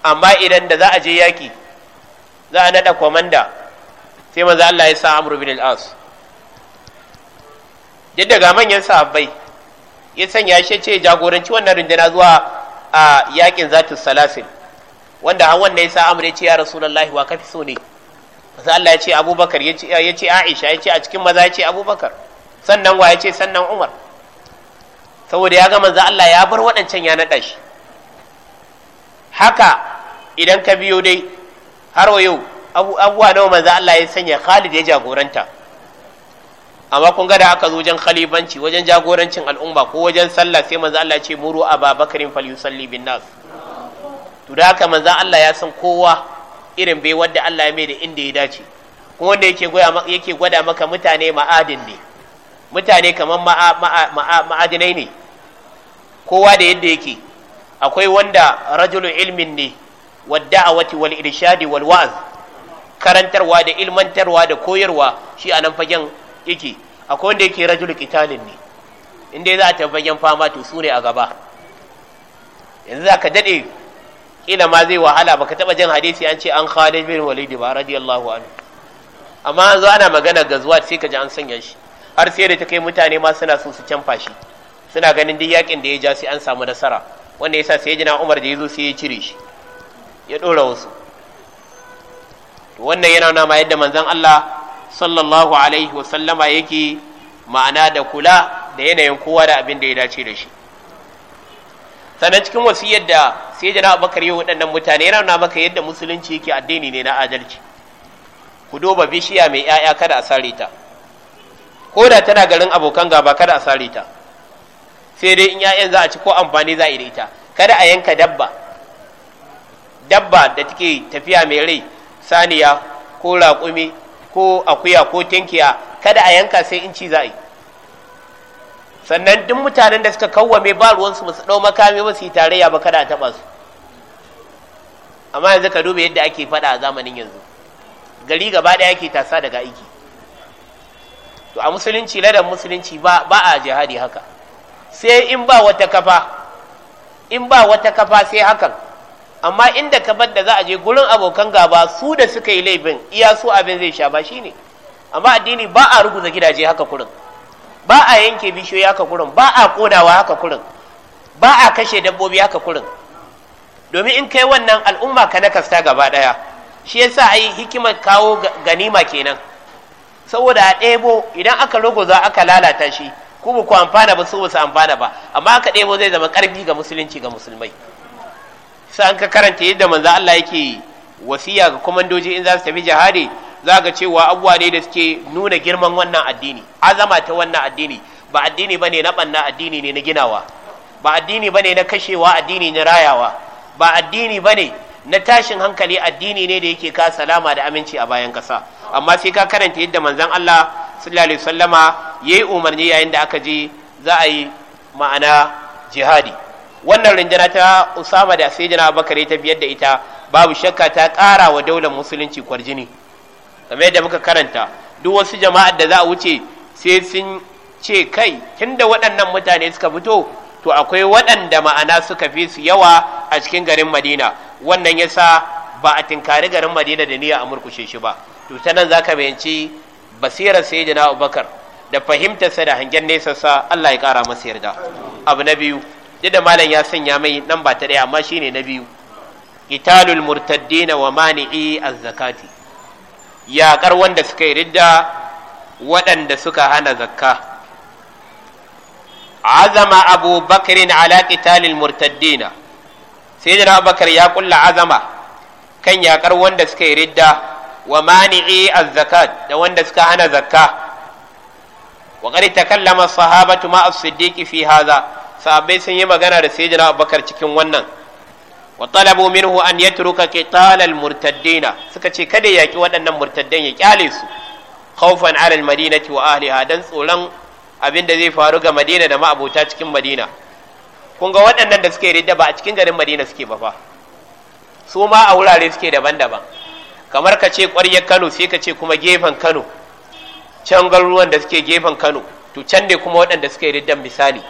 amma idan da za a je yaki za a nada komanda sai maza Allah ya sa Amr bin al-As yadda ga manyan sahabbai ya sanya shi ce jagoranci wannan rundunar zuwa a yakin zatus salasin, wanda an wanda ya sa Amur ya ce ya lallahi wa kafi so ne maza Allah ya ce Abubakar ya ce Aisha ya ce a cikin maza ya ce Abubakar sannan wa ya ce sannan Umar saboda ya ga manzo Allah ya bar waɗancan ya naɗa shi haka idan ka biyo dai har wa yau abubuwa nawa manzo Allah ya sanya Khalid ya jagoranta amma kun ga da aka zo wajen khalifanci wajen jagorancin al'umma ko wajen sallah sai manzo Allah ya ce muru ababakarin falyusalli bin nas to da haka manzo Allah ya san kowa irin bai wanda Allah ya mai da inda ya dace ko wanda yake gwada yake gwada maka mutane ma'adin ne mutane kamar ma'adinai ne kowa da yadda yake akwai wanda rajulun ilmin ne wadda'awati wal irshadi wal karantarwa da ilmantarwa da koyarwa shi a nan fagen yake akwai wanda yake rajul qitalin ne inda za a tafi fagen fama to su ne a gaba yanzu za ka daɗe kila ma zai wahala baka taɓa jin hadisi an ce an khalid bin walidi ba radiyallahu anhu amma an zo ana magana ga zuwa sai ka ji an sanya shi har sai da ta kai mutane ma suna so su canfa shi suna ganin duk yakin da ya ja sai an samu nasara wanda yasa sai jina umar da ya zo sai ya cire shi ya ɗora wasu wannan yana nama yadda manzon Allah sallallahu alaihi wasallama yake ma'ana da kula da yanayin kowa da abin da ya dace da shi sannan cikin wasiyar da sai jana abakar yi waɗannan mutane yana nuna maka yadda musulunci yake addini ne na adalci ku duba bishiya mai 'ya'ya kada a sare ta ko da tana garin abokan gaba kada a sare ta sai dai in 'ya'yan za a ci ko amfani za a yi da ita kada a yanka dabba dabba da take tafiya mai rai saniya ko raƙumi ko akuya ko tinkiya kada a yanka sai inci za a yi sannan duk mutanen da suka kawwame ba ruwansu ba su ɗau makami ba su yi tarayya ba kada a taɓa su amma yanzu ka duba yadda ake faɗa a zamanin yanzu gari gaba ɗaya ake tasa daga aiki to a musulunci ladan musulunci ba a jihadi haka sai in ba wata kafa in ba wata kafa sai hakan amma inda ka bar da za a je gurin abokan gaba su da suka yi laifin iya su abin zai sha ba shine amma addini ba a ruguza gidaje haka kurin ba a yanke bishiyoyi haka kurin ba a konawa haka kurin ba a kashe dabbobi haka kurin domin in kai wannan al'umma ka nakasta gaba daya shi yasa ai hikimar kawo ganima kenan saboda a ɗebo idan aka ruguza aka lalata shi ku ba ku amfana ba su ba su amfana ba amma aka ɗebo zai zama ƙarfi ga musulunci ga musulmai sai an ka karanta yadda manzo Allah yake wasiya ga komandoji in za su tafi jihadi za ga cewa abubuwa ne da suke nuna girman wannan addini azama ta wannan addini ba addini bane na banna addini ne na ginawa ba addini bane na kashewa addini na rayawa ba addini bane na tashin hankali addini ne da yake ka salama da aminci a bayan kasa amma sai ka karanta yadda manzon Allah sallallahu alaihi wasallama yayi umarni yayin da aka je za a yi ma'ana jihadi wannan rinjana ta usama da sayyidina abubakar ta biyar da ita babu shakka ta ƙara wa daular musulunci kwarjini kamar yadda muka karanta duk wasu jama'ar da za a wuce sai sun ce kai tunda waɗannan mutane suka fito to akwai waɗanda ma'ana suka fi su yawa a cikin garin madina wannan ya sa ba a tinkari garin madina da niyya a murkushe shi ba to ta nan za zaka bayanci basirar sayyidina abubakar da fahimtarsa da hangen nesa sa Allah ya ƙara masa yarda abu na biyu duk malam ya sanya mai nan ba ta ɗaya amma shine na biyu italul murtaddina wa mani'i az-zakati yaƙar wanda suka yi ridda waɗanda suka hana zakka azama abu bakarin ala qitalil murtaddina sai da bakar ya kulla azama kan yaƙar wanda suka yi ridda wa mani'i az-zakat da wanda suka hana zakka wa qad takallama sahabatu ma as-siddiq fi hadha sahabbai sun yi magana da jina abubakar cikin wannan wa talabu minhu an yatruka qital al murtaddina suka ce kada yaki waɗannan murtaddan ya kyale su khawfan ala al madinati wa ahliha dan tsoron abin da zai faru ga madina da ma'abota cikin madina kun ga waɗannan da suke ridda ba a cikin garin madina suke ba fa su ma a wurare suke daban-daban kamar ka ce ƙwaryar kano sai ka ce kuma gefen kano can garuruwan da suke gefen kano to can ne kuma waɗanda suke riddan misali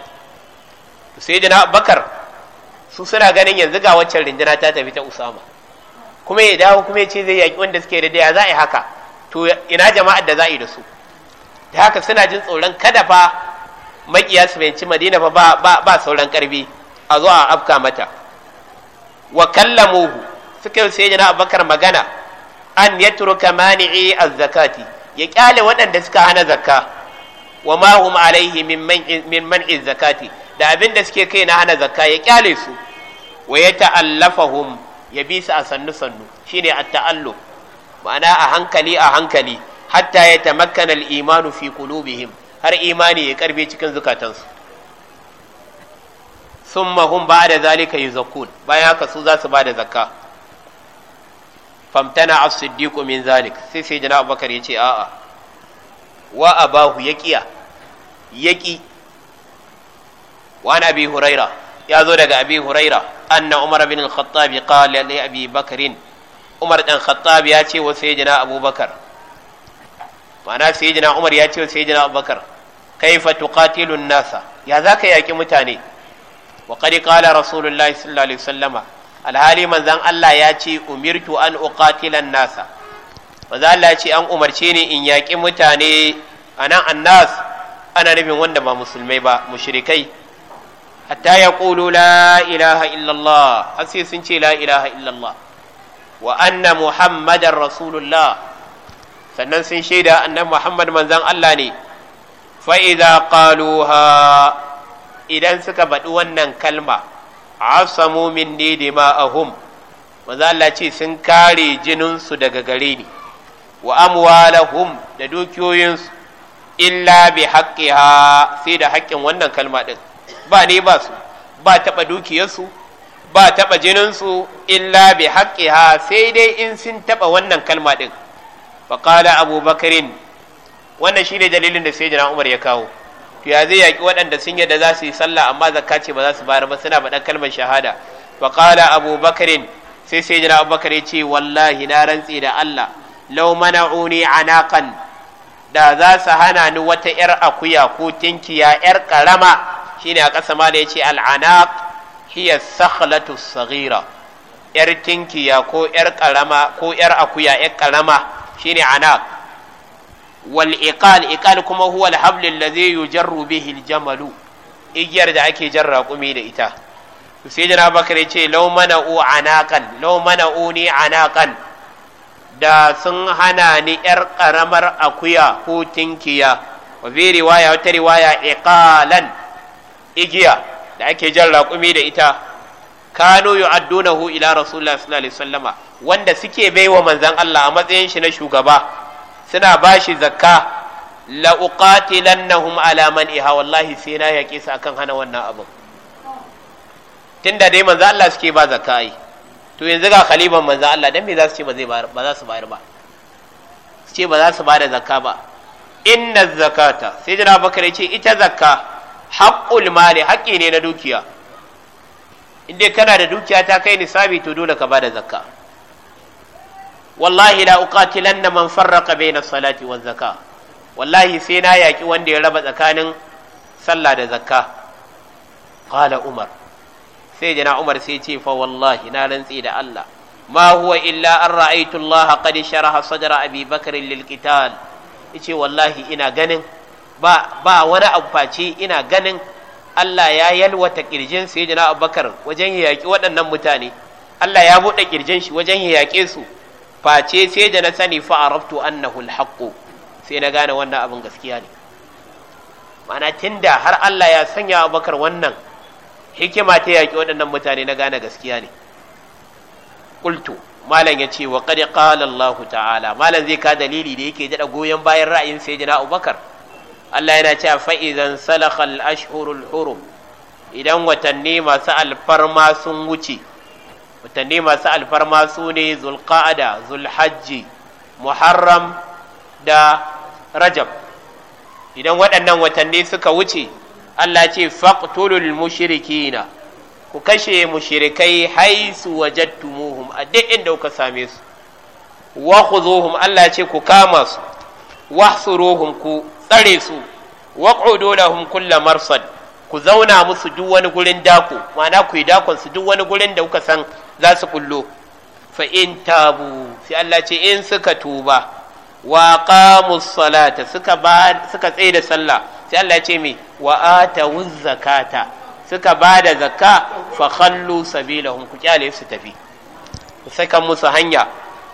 sai jina bakar su suna ganin yanzu ga waccan rinjina ta tafi ta usama kuma ya dawo kuma ya ce zai yaƙi wanda suke da ya za a yi haka to ina jama'ar da za a yi da su da haka suna jin tsoron kada fa makiya su bayanci madina fa ba ba sauran karbi a zo a afka mata wa kallamuhu suka yi sayyidina abubakar magana an yatruka mani'i az-zakati ya kyale waɗanda suka hana zakka wa ma hum alaihi min man'i zakati da abin da suke kai na hana zakka ya kyale su wa ya ta'allafahum ya bi su a sannu sannu shine at-ta'allu ma'ana a hankali a hankali hatta ya tamakkana al-imanu fi qulubihim har imani ya karbe cikin zukatansu summa hum ba'da zalika yuzakkun bayan haka su za su bada zakka famtana as-siddiq min zalik sai sai jana abubakar yace a'a wa abahu yaqiya yaqi وعن أبي هريرة يا ذلك أبي هريرة أن عمر بن الخطاب قال لأبي بكر عمر بن الخطاب ياتي وسيدنا أبو بكر معنى سيدنا عمر ياتي وسيدنا أبو بكر كيف تقاتل الناس يا ذاك يا كمتاني وقد قال رسول الله صلى الله عليه وسلم alhali manzan Allah ya ce umirtu an uqatilan nasa manzan Allah ya ce an umarce ni in yaƙi mutane anan annas ana nufin wanda ba musulmai ba mushrikai hatta ya ƙulu la ilaha illallah har sai sun ce la ilaha illallah wa anna muhammadar rasulullah sannan sun shaida annan muhammad manzan Allah ne fa'iza ƙaluha idan suka baɗi wannan kalma asamu min ne dima'ahum manzan Allah ce sun kare jininsu daga gare ni wa amwalahum da dukiyoyinsu illa bi haqqiha sai da haƙƙin wannan kalma ɗin ba ne ba su ba taɓa dukiyarsu ba taɓa jininsu illa bi ha! sai dai in sun taɓa wannan kalma ɗin faƙala abubakarin wannan shine dalilin da sayyidina umar ya kawo to ya zai yaƙi waɗanda sun yadda za su yi sallah amma zakka ce ba za su bayar ba suna faɗan kalmar shahada faƙala abubakarin sai sayyidina abubakar ya ce wallahi na rantse da allah lau mana'uni anaqan da za su hana ni wata 'yar akuya ko tinkiya 'yar ƙarama shine a ƙasa ma da yace al'anaq hiya sakhlatu saghira yar tinkiya ko yar karama ko yar akuya yar karama shine anaq wal iqal iqal kuma huwa al habl alladhi yujarru bihi al jamalu igiyar da ake jan raƙumi da ita sai jana bakar ya ce lau mana'u anaƙan lau mana'u ni anaƙan da sun hana ni ‘yar ƙaramar akuya ko tinkiya wa fi riwaya wata riwaya iqalan igiya da ake jan raƙumi da ita kano yu'addunahu ila rasulullah sallallahu alaihi wasallama wanda suke baiwa manzon Allah a matsayin shi na shugaba suna bashi zakka la uqatilannahum ala man iha wallahi sai na yaƙi su akan hana wannan abin tunda dai manzon Allah suke ba zakka ai to yanzu ga khaliban manzon Allah dan me za su ce ba zai ba za su bayar ba su ce ba za su ba da zakka ba inna zakata sai jira bakare ce ita zakka haqqul mali haƙƙi ne na dukiya inda kana da dukiya ta kai nisabi to dole ka bada zakka wallahi la uqatilanna man farraqa bayna salati wa zakka wallahi sai na yaki wanda ya raba tsakanin sallah da zakka qala umar sai jana umar sai ce fa wallahi na rantsi da Allah ma huwa illa an ra'aytu Allah qad sharaha sadra abi bakr lil qital yace wallahi ina ganin ba ba wani amfaci ina ganin Allah ya yalwata kirjin jina Abubakar wajen ya yaƙi waɗannan mutane Allah ya buɗe kirjin shi wajen ya yaƙe su face sai da na sani fa araftu annahu alhaqqu sai na gane wannan abin gaskiya ne ma'ana tunda har Allah ya sanya Abubakar wannan hikima ta yaƙi waɗannan mutane na gane gaskiya ne qultu malam ya ce wa qad qala Allah ta'ala malam zai ka dalili da yake jada goyon bayan ra'ayin sayyidina Abubakar Allah yana cewa fa'izan salakhal ashhurul hurum idan watanni masu alfarma sun wuce watanni masu alfarma su ne zulqa'ada zulhajji muharram da rajab idan waɗannan watanni suka wuce Allah ce faqtulul mushrikina ku kashe mushrikai haisu wajadtumuhum a duk inda kuka same su wa khuzuhum Allah ce ku kama su wahsuruhum ku tsare su waqudu lahum kulla marsad ku zauna musu duk wani gurin dako ma'ana ku yi dakon su duk wani gurin da kuka san za su kullo fa in tabu sai Allah ce in suka tuba wa qamus salata suka ba suka tsaye da sallah sai Allah ce me wa atawuz zakata suka ba da zakka fa khallu sabilahum ku kyale su tafi saka musu hanya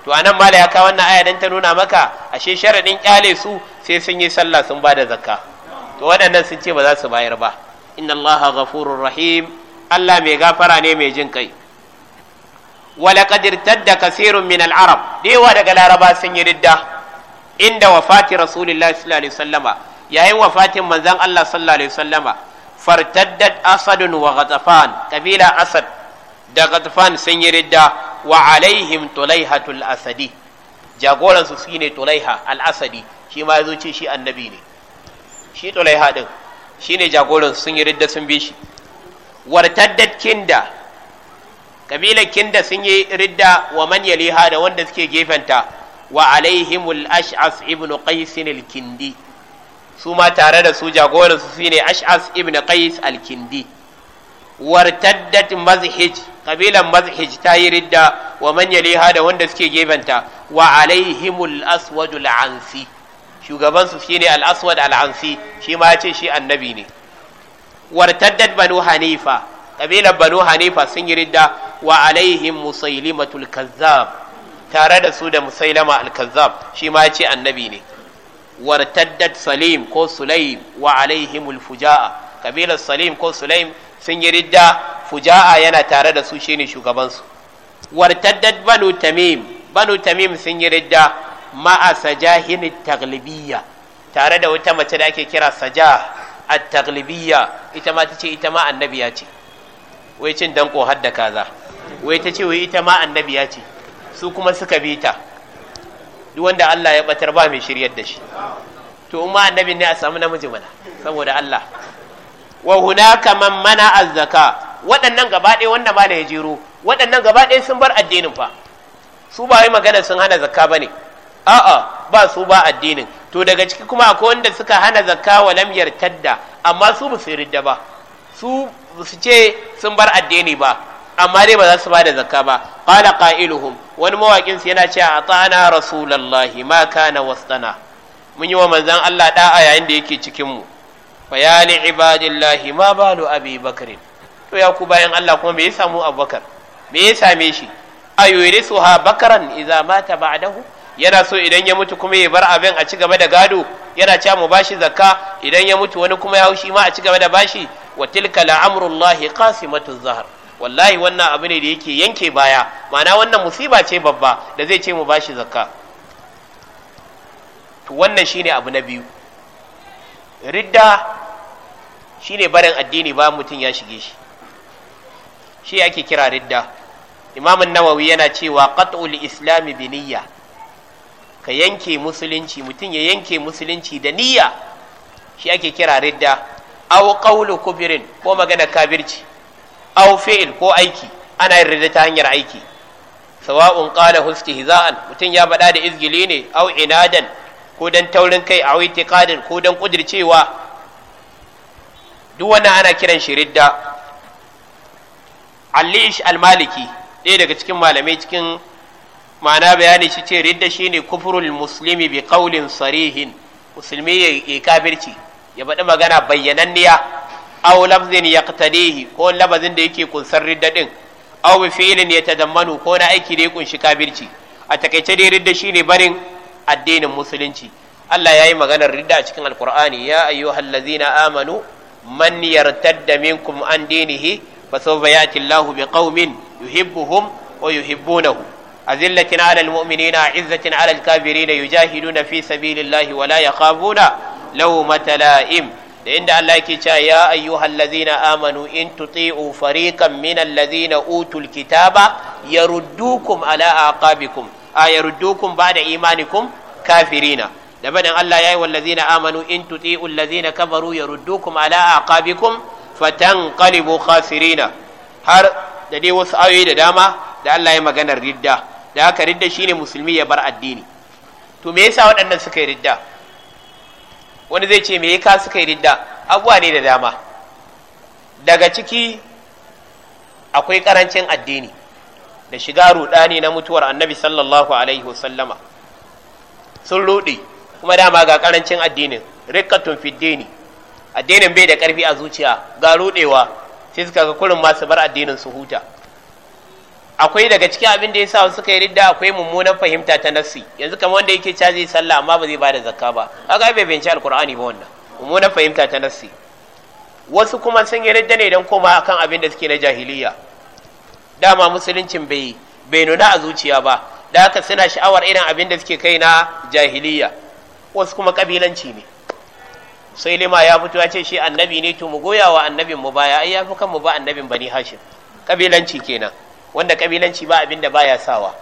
to a mala ya kawo wannan aya dan ta nuna maka ashe sharaɗin kyale su sai sun yi sallah sun bada zakka to waɗannan sun ce ba za su bayar ba inna allaha ghafurur rahim Allah mai gafara ne mai jin kai wala da kasirun min al-arab dewa daga laraba sun yi ridda inda wafati rasulullahi sallallahu alaihi wasallama yayin wafatin manzon Allah sallallahu alaihi wasallama fartaddat asadun wa ghatafan kabila asad da ghatafan sun yi ridda wa alaihim tulaihatul asadi jagoransu shine tulaiha al-asadi shi ma yazo ce shi annabi ne shi tulaiha din shine jagoran sun yi ridda sun bi shi wartaddat kinda kabilar kinda sun yi ridda wa man yaliha da wanda suke gefenta wa alaihimul ash'as ibn qais al-kindi su ma tare da su jagoran su shine ash'as ibn qais al-kindi wartaddat mazhij kabilan mazhij ta yi ridda wa man liha da wanda suke gefenta wa alaihimul aswadul ansi shugaban su shine al aswad al ansi shi ma ya ce shi annabi ne wartaddat banu hanifa kabilan banu hanifa sun yi ridda wa alaihim musailimatul kazzab tare da su da musailama al kazzab shi ma ya ce annabi ne wartaddat salim ko sulaim wa alaihimul fuja'a kabilar salim ko sulaim sun yi ridda fuja'a yana tare da su shine shugabansu wartaddat banu tamim banu tamim sun yi ridda ma'a sajahin taglibiyya tare da wata mace da ake kira saja at taglibiyya ita ma tace ita ma annabiya ce wai cin danko har da kaza wai tace wai ita ma annabiya ce su kuma suka bi ta duk wanda Allah ya batar ba mai shiryar da shi to ma annabi ne a samu namiji mana saboda Allah wa hunaka man mana azzaka waɗannan gaba ɗaya wanda ba da ya jero waɗannan gaba ɗaya sun bar addinin fa su ba wai magana sun hana zakka bane a'a ba su ba addinin to daga ciki kuma akwai wanda suka hana zakka wa lam yartadda amma su ba su yarda ba su su ce sun bar addini ba amma dai ba za su ba da zakka ba qala qailuhum wani mawakin su yana cewa atana rasulullahi ma kana wastana mun yi wa manzon Allah da'a yayin da yake cikin mu fayali ibadillahi ma balu abi bakrin to ya ku bayan Allah kuma me ya samu abubakar me ya same shi ha bakaran idza mata ba'dahu yana so idan ya mutu kuma ya bar abin a ci gaba da gado yana cewa mu bashi zakka idan ya mutu wani kuma ya hushi ma a ci gaba da bashi wa tilka la'amrullahi qasimatu zahar wallahi wannan abu ne da yake yanke baya ma'ana wannan musiba ce babba da zai ce mu bashi zakka to wannan shine abu na biyu ridda Shi ne barin addini ba mutum ya shige shi shi ake kira ridda imamun nawawi yana cewa qat'ul islami bi niyya ka yanke musulunci mutum ya yanke musulunci da niyya shi ake kira ridda aw qawlu kufrin ko magana kafirci aw fi'l ko aiki ana yin ridda ta hanyar aiki sawa'un qala hustihza'an mutum ya bada da izgili ne aw inadan ko dan taurin kai aw itiqadin ko dan kudircewa duk wannan ana kiran shi ridda al maliki ɗaya daga cikin malamai cikin ma'ana bayani shi ce ridda shine kufrul muslimi bi qaulin sarihin musulmi ya kafirci ya faɗi magana bayyananniya aw lafzin yaqtadihi ko lafazin da yake kunsar ridda din aw bi fi'lin yatadammanu ko na aiki da ya kunshi kafirci a takaice dai ridda shine barin addinin musulunci Allah ya yi maganar ridda a cikin alkur'ani ya ayyuhallazina amanu man yartadda minkum an dinihi fa sawfa ya'ti Allahu biqaumin yuhibbuhum wa yuhibbunahu azillatin 'alal mu'minina 'izzatin 'alal kafirina yujahiduna fi sabilillahi wa la yakhafuna lawmata la'im da inda Allah yake cewa ya lazina amanu in tuti'u fariqan minal ladzina utul kitaba yaruddukum ala a aqabikum ay yaruddukum ba'da imanikum kafirina da banin Allah yi wallazina amanu in tuti'u kabaru kafaru yaruddukum ala aqabikum kalibu khasirina har da dai wasu ayoyi da dama da Allah ya maganar ridda da haka ridda shine musulmi ya bar addini to me yasa waɗannan suka yi ridda wani zai ce me yaka suka yi ridda abuwa ne da dama daga ciki akwai karancin addini da shiga rudani na mutuwar annabi sallallahu alaihi wasallama sun rudi kuma dama ga karancin addinin rikkatun fiddini addinin bai da karfi a zuciya ga rudewa sai suka ga kurin masu bar addinin su huta akwai daga cikin abin da yasa suka yi ridda akwai mummunan fahimta ta nassi yanzu kamar wanda yake caji sallah amma ba zai bada zakka ba kaga bai binci alqur'ani ba wannan mummunan fahimta ta nassi wasu kuma sun yi ridda ne don koma akan abin da suke na jahiliya dama musuluncin bai bai nuna a zuciya ba da haka suna sha'awar irin abin da suke kai na jahiliya wasu kuma kabilanci ne sai lima ya fito ya ce shi annabi ne to mu goya wa annabin mu baya ai yafi kan mu ba annabin bani hashim kabilanci kenan wanda kabilanci ba abin da baya sawa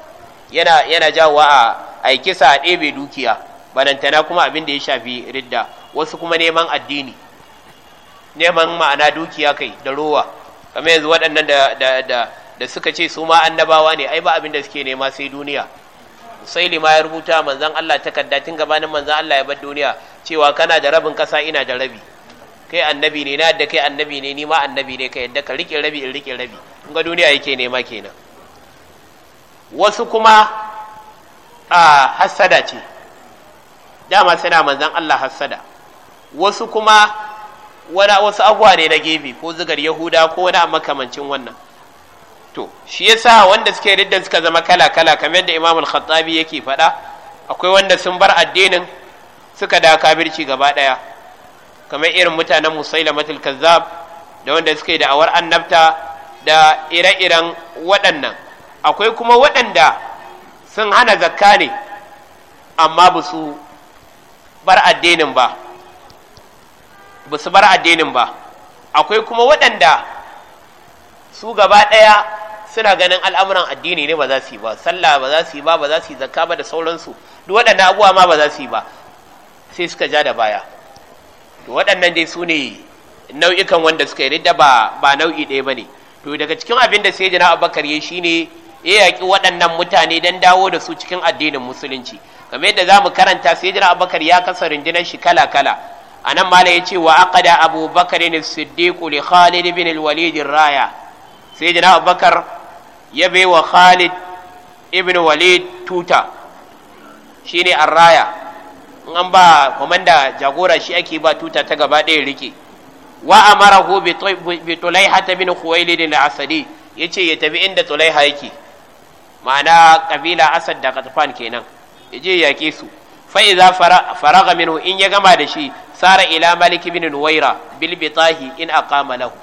yana yana jawo a ai kisa a ɗebe dukiya balantana kuma abin da ya shafi ridda wasu kuma neman addini neman ma'ana dukiya kai da rowa kamar yanzu waɗannan da da da suka ce su ma annabawa ne ai ba abin da suke nema sai duniya sai ya rubuta manzan Allah takarda tun gabanin manzan Allah ya bar duniya cewa kana da rabin kasa ina da rabi kai annabi ne na yadda kai annabi ne ni ma annabi ne ka yadda ka rike rabi in rike rabi in ga duniya yake nema kenan wasu kuma a hassada ce dama suna manzan Allah hassada wasu kuma wani wasu abuwa ne na gefe ko zigar yahuda ko wani makamancin wannan to shi yasa wanda suke riddan suka zama kala kala kamar yadda Imam al-Khattabi yake faɗa akwai wanda sun bar addinin suka da kabirci gaba daya kamar irin mutanen Musailamatul Kazzab da wanda suke da awar annabta da ire-iren waɗannan akwai kuma waɗanda sun hana zakka ne amma ba su bar addinin ba ba su bar addinin ba akwai kuma waɗanda su gaba ɗaya suna ganin al'amuran addini ne ba za su yi ba sallah ba za su yi ba ba za su yi zakka ba da sauransu duk waɗannan abubuwa ma ba za su yi ba sai suka ja da baya to waɗannan dai su ne nau'ikan wanda suka yi ba ba nau'i ɗaya bane to daga cikin abin da sai jana abubakar ya shine ya yaƙi waɗannan mutane don dawo da su cikin addinin musulunci kamar yadda za mu karanta sai jana abubakar ya kasa rundunar shi kala kala a nan mala ya ce wa aqada abubakar ne siddiq li khalid bin al-walid raya sai abubakar ya bai wa khalid ibn walid tuta shine arraya in an ba komanda jagora shi ake ba tuta ta gaba ɗaya rike wa mara bi tulaiha ta bin khuwailid al-asadi yace ya tafi inda tulaiha yake ma'ana kabila asad da katafan kenan yaje ke su fa idza faraga minhu in ya gama da shi sara ila Maliki bin nuwaira bilbitahi in in kama lahu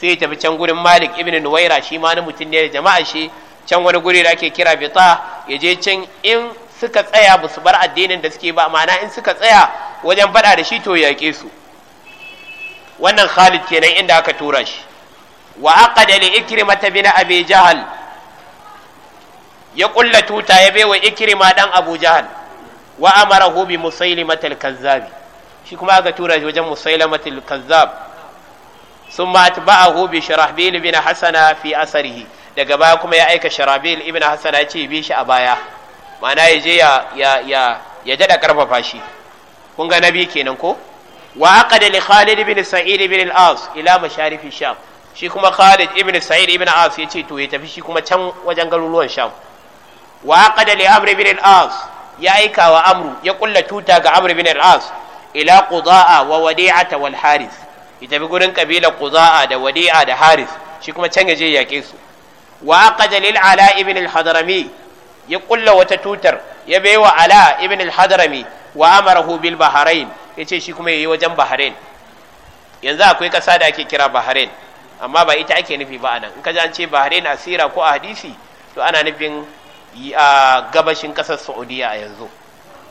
sai ya tafi can gurin malik ibn nuwaira shi ma na mutum ne da jama'a shi can wani guri da ake kira bita ya je can in suka tsaya ba su bar addinin da suke ba ma'ana in suka tsaya wajen faɗa da shi to yaƙe su wannan khalid kenan inda aka tura shi wa aqada li ikrimata bin abi jahal ya kulla tuta ya bai wa ikrima dan abu jahal wa hu bi musailimata kazzab shi kuma aka tura shi wajen musailamatul kazzab sun ma ba'ahu bi sharabil ibn hasana fi asarihi daga baya kuma ya aika sharabil ibn hasana ya ce bi shi a baya ma'ana ya je ya ya ya jada karfafa shi kun ga nabi kenan ko wa aqada li khalid ibn sa'id ibn al-as ila masharif sham shi kuma khalid ibn sa'id ibn al-as ya ce to ya tafi shi kuma can wajen garuruwan sham wa aqada li amr ibn al-as ya aika wa amru ya kulla tuta ga amr ibn al-as ila qudaa wa wadi'ata wal harith ya tafi gurin kabilar quza'a da wadi'a da haris shi kuma can ya yaƙe su wa aqada ala ibn al hadrami ya kulla wata tutar ya baiwa ala ibn al hadrami wa amarahu bil bahrain yace shi kuma yayi wajen bahrain yanzu akwai kasa da ake kira bahrain amma ba ita ake nufi ba anan in ka ji an ce bahrain asira ko a hadisi to ana nufin a gabashin kasar saudiya a yanzu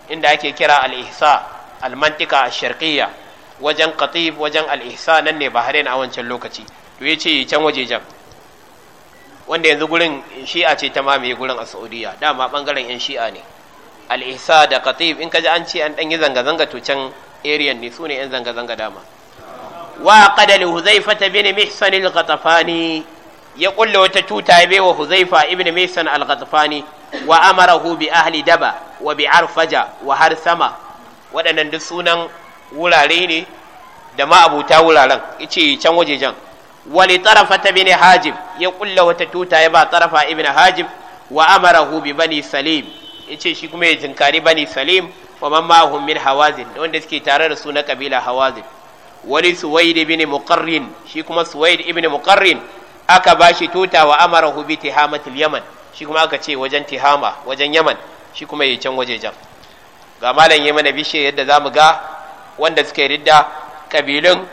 inda ake kira al-ihsa al-mantika sharqiyya wajen Katif wajen Al'isa nan ne bahrain a wancan lokaci to yace can waje jam wanda yanzu gurin shi'a ce ta mamaye gurin a saudiya dama bangaren yan shi'a ne Al'isa da Katif in ka ji an ce an dan yi zanga zanga to can ne sune yan zanga zanga dama wa qada ta ta bin mihsan al-ghatafani ya kulle wata tuta ya baiwa huzaifa ibn mihsan al-ghatafani wa amarahu bi ahli daba wa bi arfaja wa har sama waɗannan duk sunan wurare ne da ma'abuta wuraren yace can waje jan. wali tarafa ta bin hajib ya kulla wata tuta ya ba tsarafa ibn hajib wa amara bi bani salim yace shi kuma ya jinkari bani salim wa man ma'ahum min hawazin wanda suke tare da su na kabila hawazin wali suwaid ibn muqarrin shi kuma suwaid ibn muqarrin aka bashi tuta wa amara bi tihamatil yaman shi kuma aka ce wajen tihama wajen yaman shi kuma ya can waje jan. ga malam yi mana bishe yadda za mu ga wanda suka ridda kabilun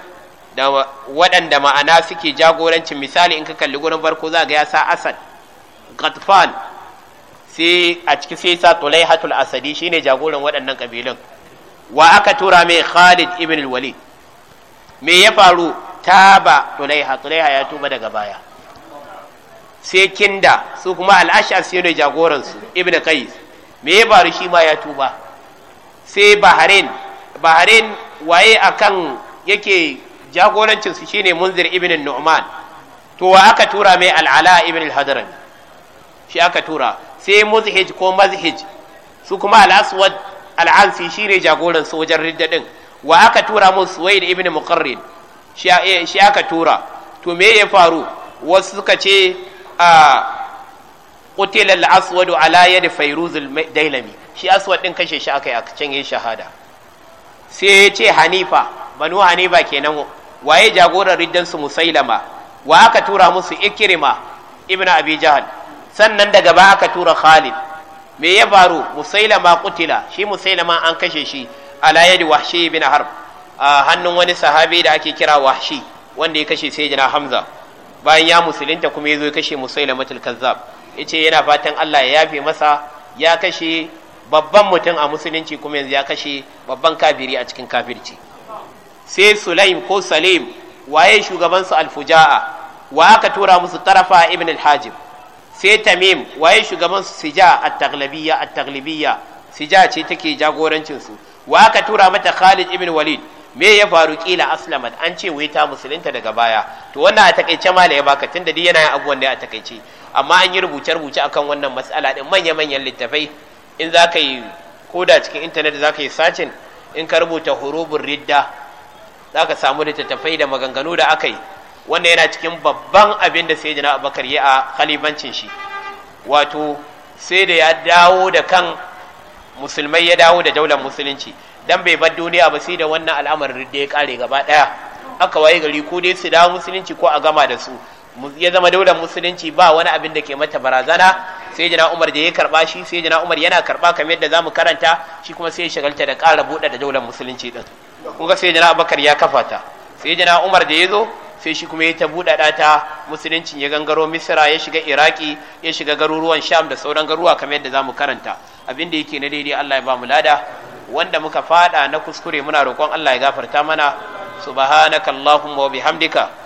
da waɗanda ma'ana suke jagorancin misali in ka kalli gurin farko za ga ya sa asad gatfan sai a ciki sai sa hatul asadi shine jagoran waɗannan kabilun wa aka tura mai khalid ibn walid me ya faru taba tulai tulaiha ya tuba daga baya sai kinda su kuma al'ashar sai ne jagoransu ibn qais me ya faru shi ma ya tuba sai bahrain bahrain waye akan yake jagorancin su shine munzir ibn nu'man to wa aka tura mai al'ala ibn al-hadrami shi aka tura sai muzhij ko mazhij su kuma al-aswad al-ansi shine jagoran sojan ridda din wa aka tura mu suwaid ibn muqarrin eh, shi aka tura to me ya faru wasu suka ce a قتل الأسود Shi يد فيروز الديلمي شي أسود إن كشي شاكي أكتشن shahada. sai ya ce hanifa banu hanifa kenan waye jagorar riddansu musailama wa aka tura musu ikirima ibn abi jahal sannan daga ba aka tura khalid me ya faru musailama kutila shi musailama an kashe shi ala yadi wahshi ibn harb a hannun wani sahabi da ake kira wahshi wanda ya kashe sayyidina hamza bayan ya musulunta kuma ya zo ya kashe musailama kazzab yace yana fatan Allah ya yafe masa ya kashe babban mutum a musulunci kuma yanzu ya kashe babban kafiri a cikin kafirci sai sulaim ko salim waye shugaban su alfuja'a wa aka tura musu tarafa ibn al-hajib sai tamim waye shugaban su sija at taglibiyya at taglibiyya sija ce take jagorancin su wa aka tura mata khalid ibn walid me ya faru kila aslamat an ce wai ta musulunta daga baya to wannan a takaice ma ya baka tunda dai yana yin abubuwan da a takaice amma an yi rubuce-rubuce akan wannan matsala din manya-manyan littafai in za ka yi koda cikin intanet za ka yi sacin in ka rubuta hurubun ridda za ka samu littattafai da maganganu da aka yi wanda yana cikin babban abin da sai jina abakar yi a halibancin shi wato sai da ya dawo da kan musulmai ya dawo da daular musulunci dan bai bar duniya ba sai da wannan al'amarin ridda ya kare gaba ɗaya. aka waye gari ko dai su dawo musulunci ko a gama da su ya zama daular musulunci ba wani abin da ke mata barazana sai jina umar da ya karba shi sai jina umar yana karba kamar yadda zamu karanta shi kuma sai ya shagalta da ƙara buɗe da daular musulunci din kuka sai jina abakar ya kafa ta sai jina umar da ya zo sai shi kuma ya ta buɗaɗa ta musuluncin ya gangaro misira ya shiga iraki ya shiga garuruwan sham da sauran garuruwa kamar yadda zamu karanta abin da yake na daidai allah ya ba mu lada wanda muka fada na kuskure muna roƙon allah ya gafarta mana subhanakallahumma wa bihamdika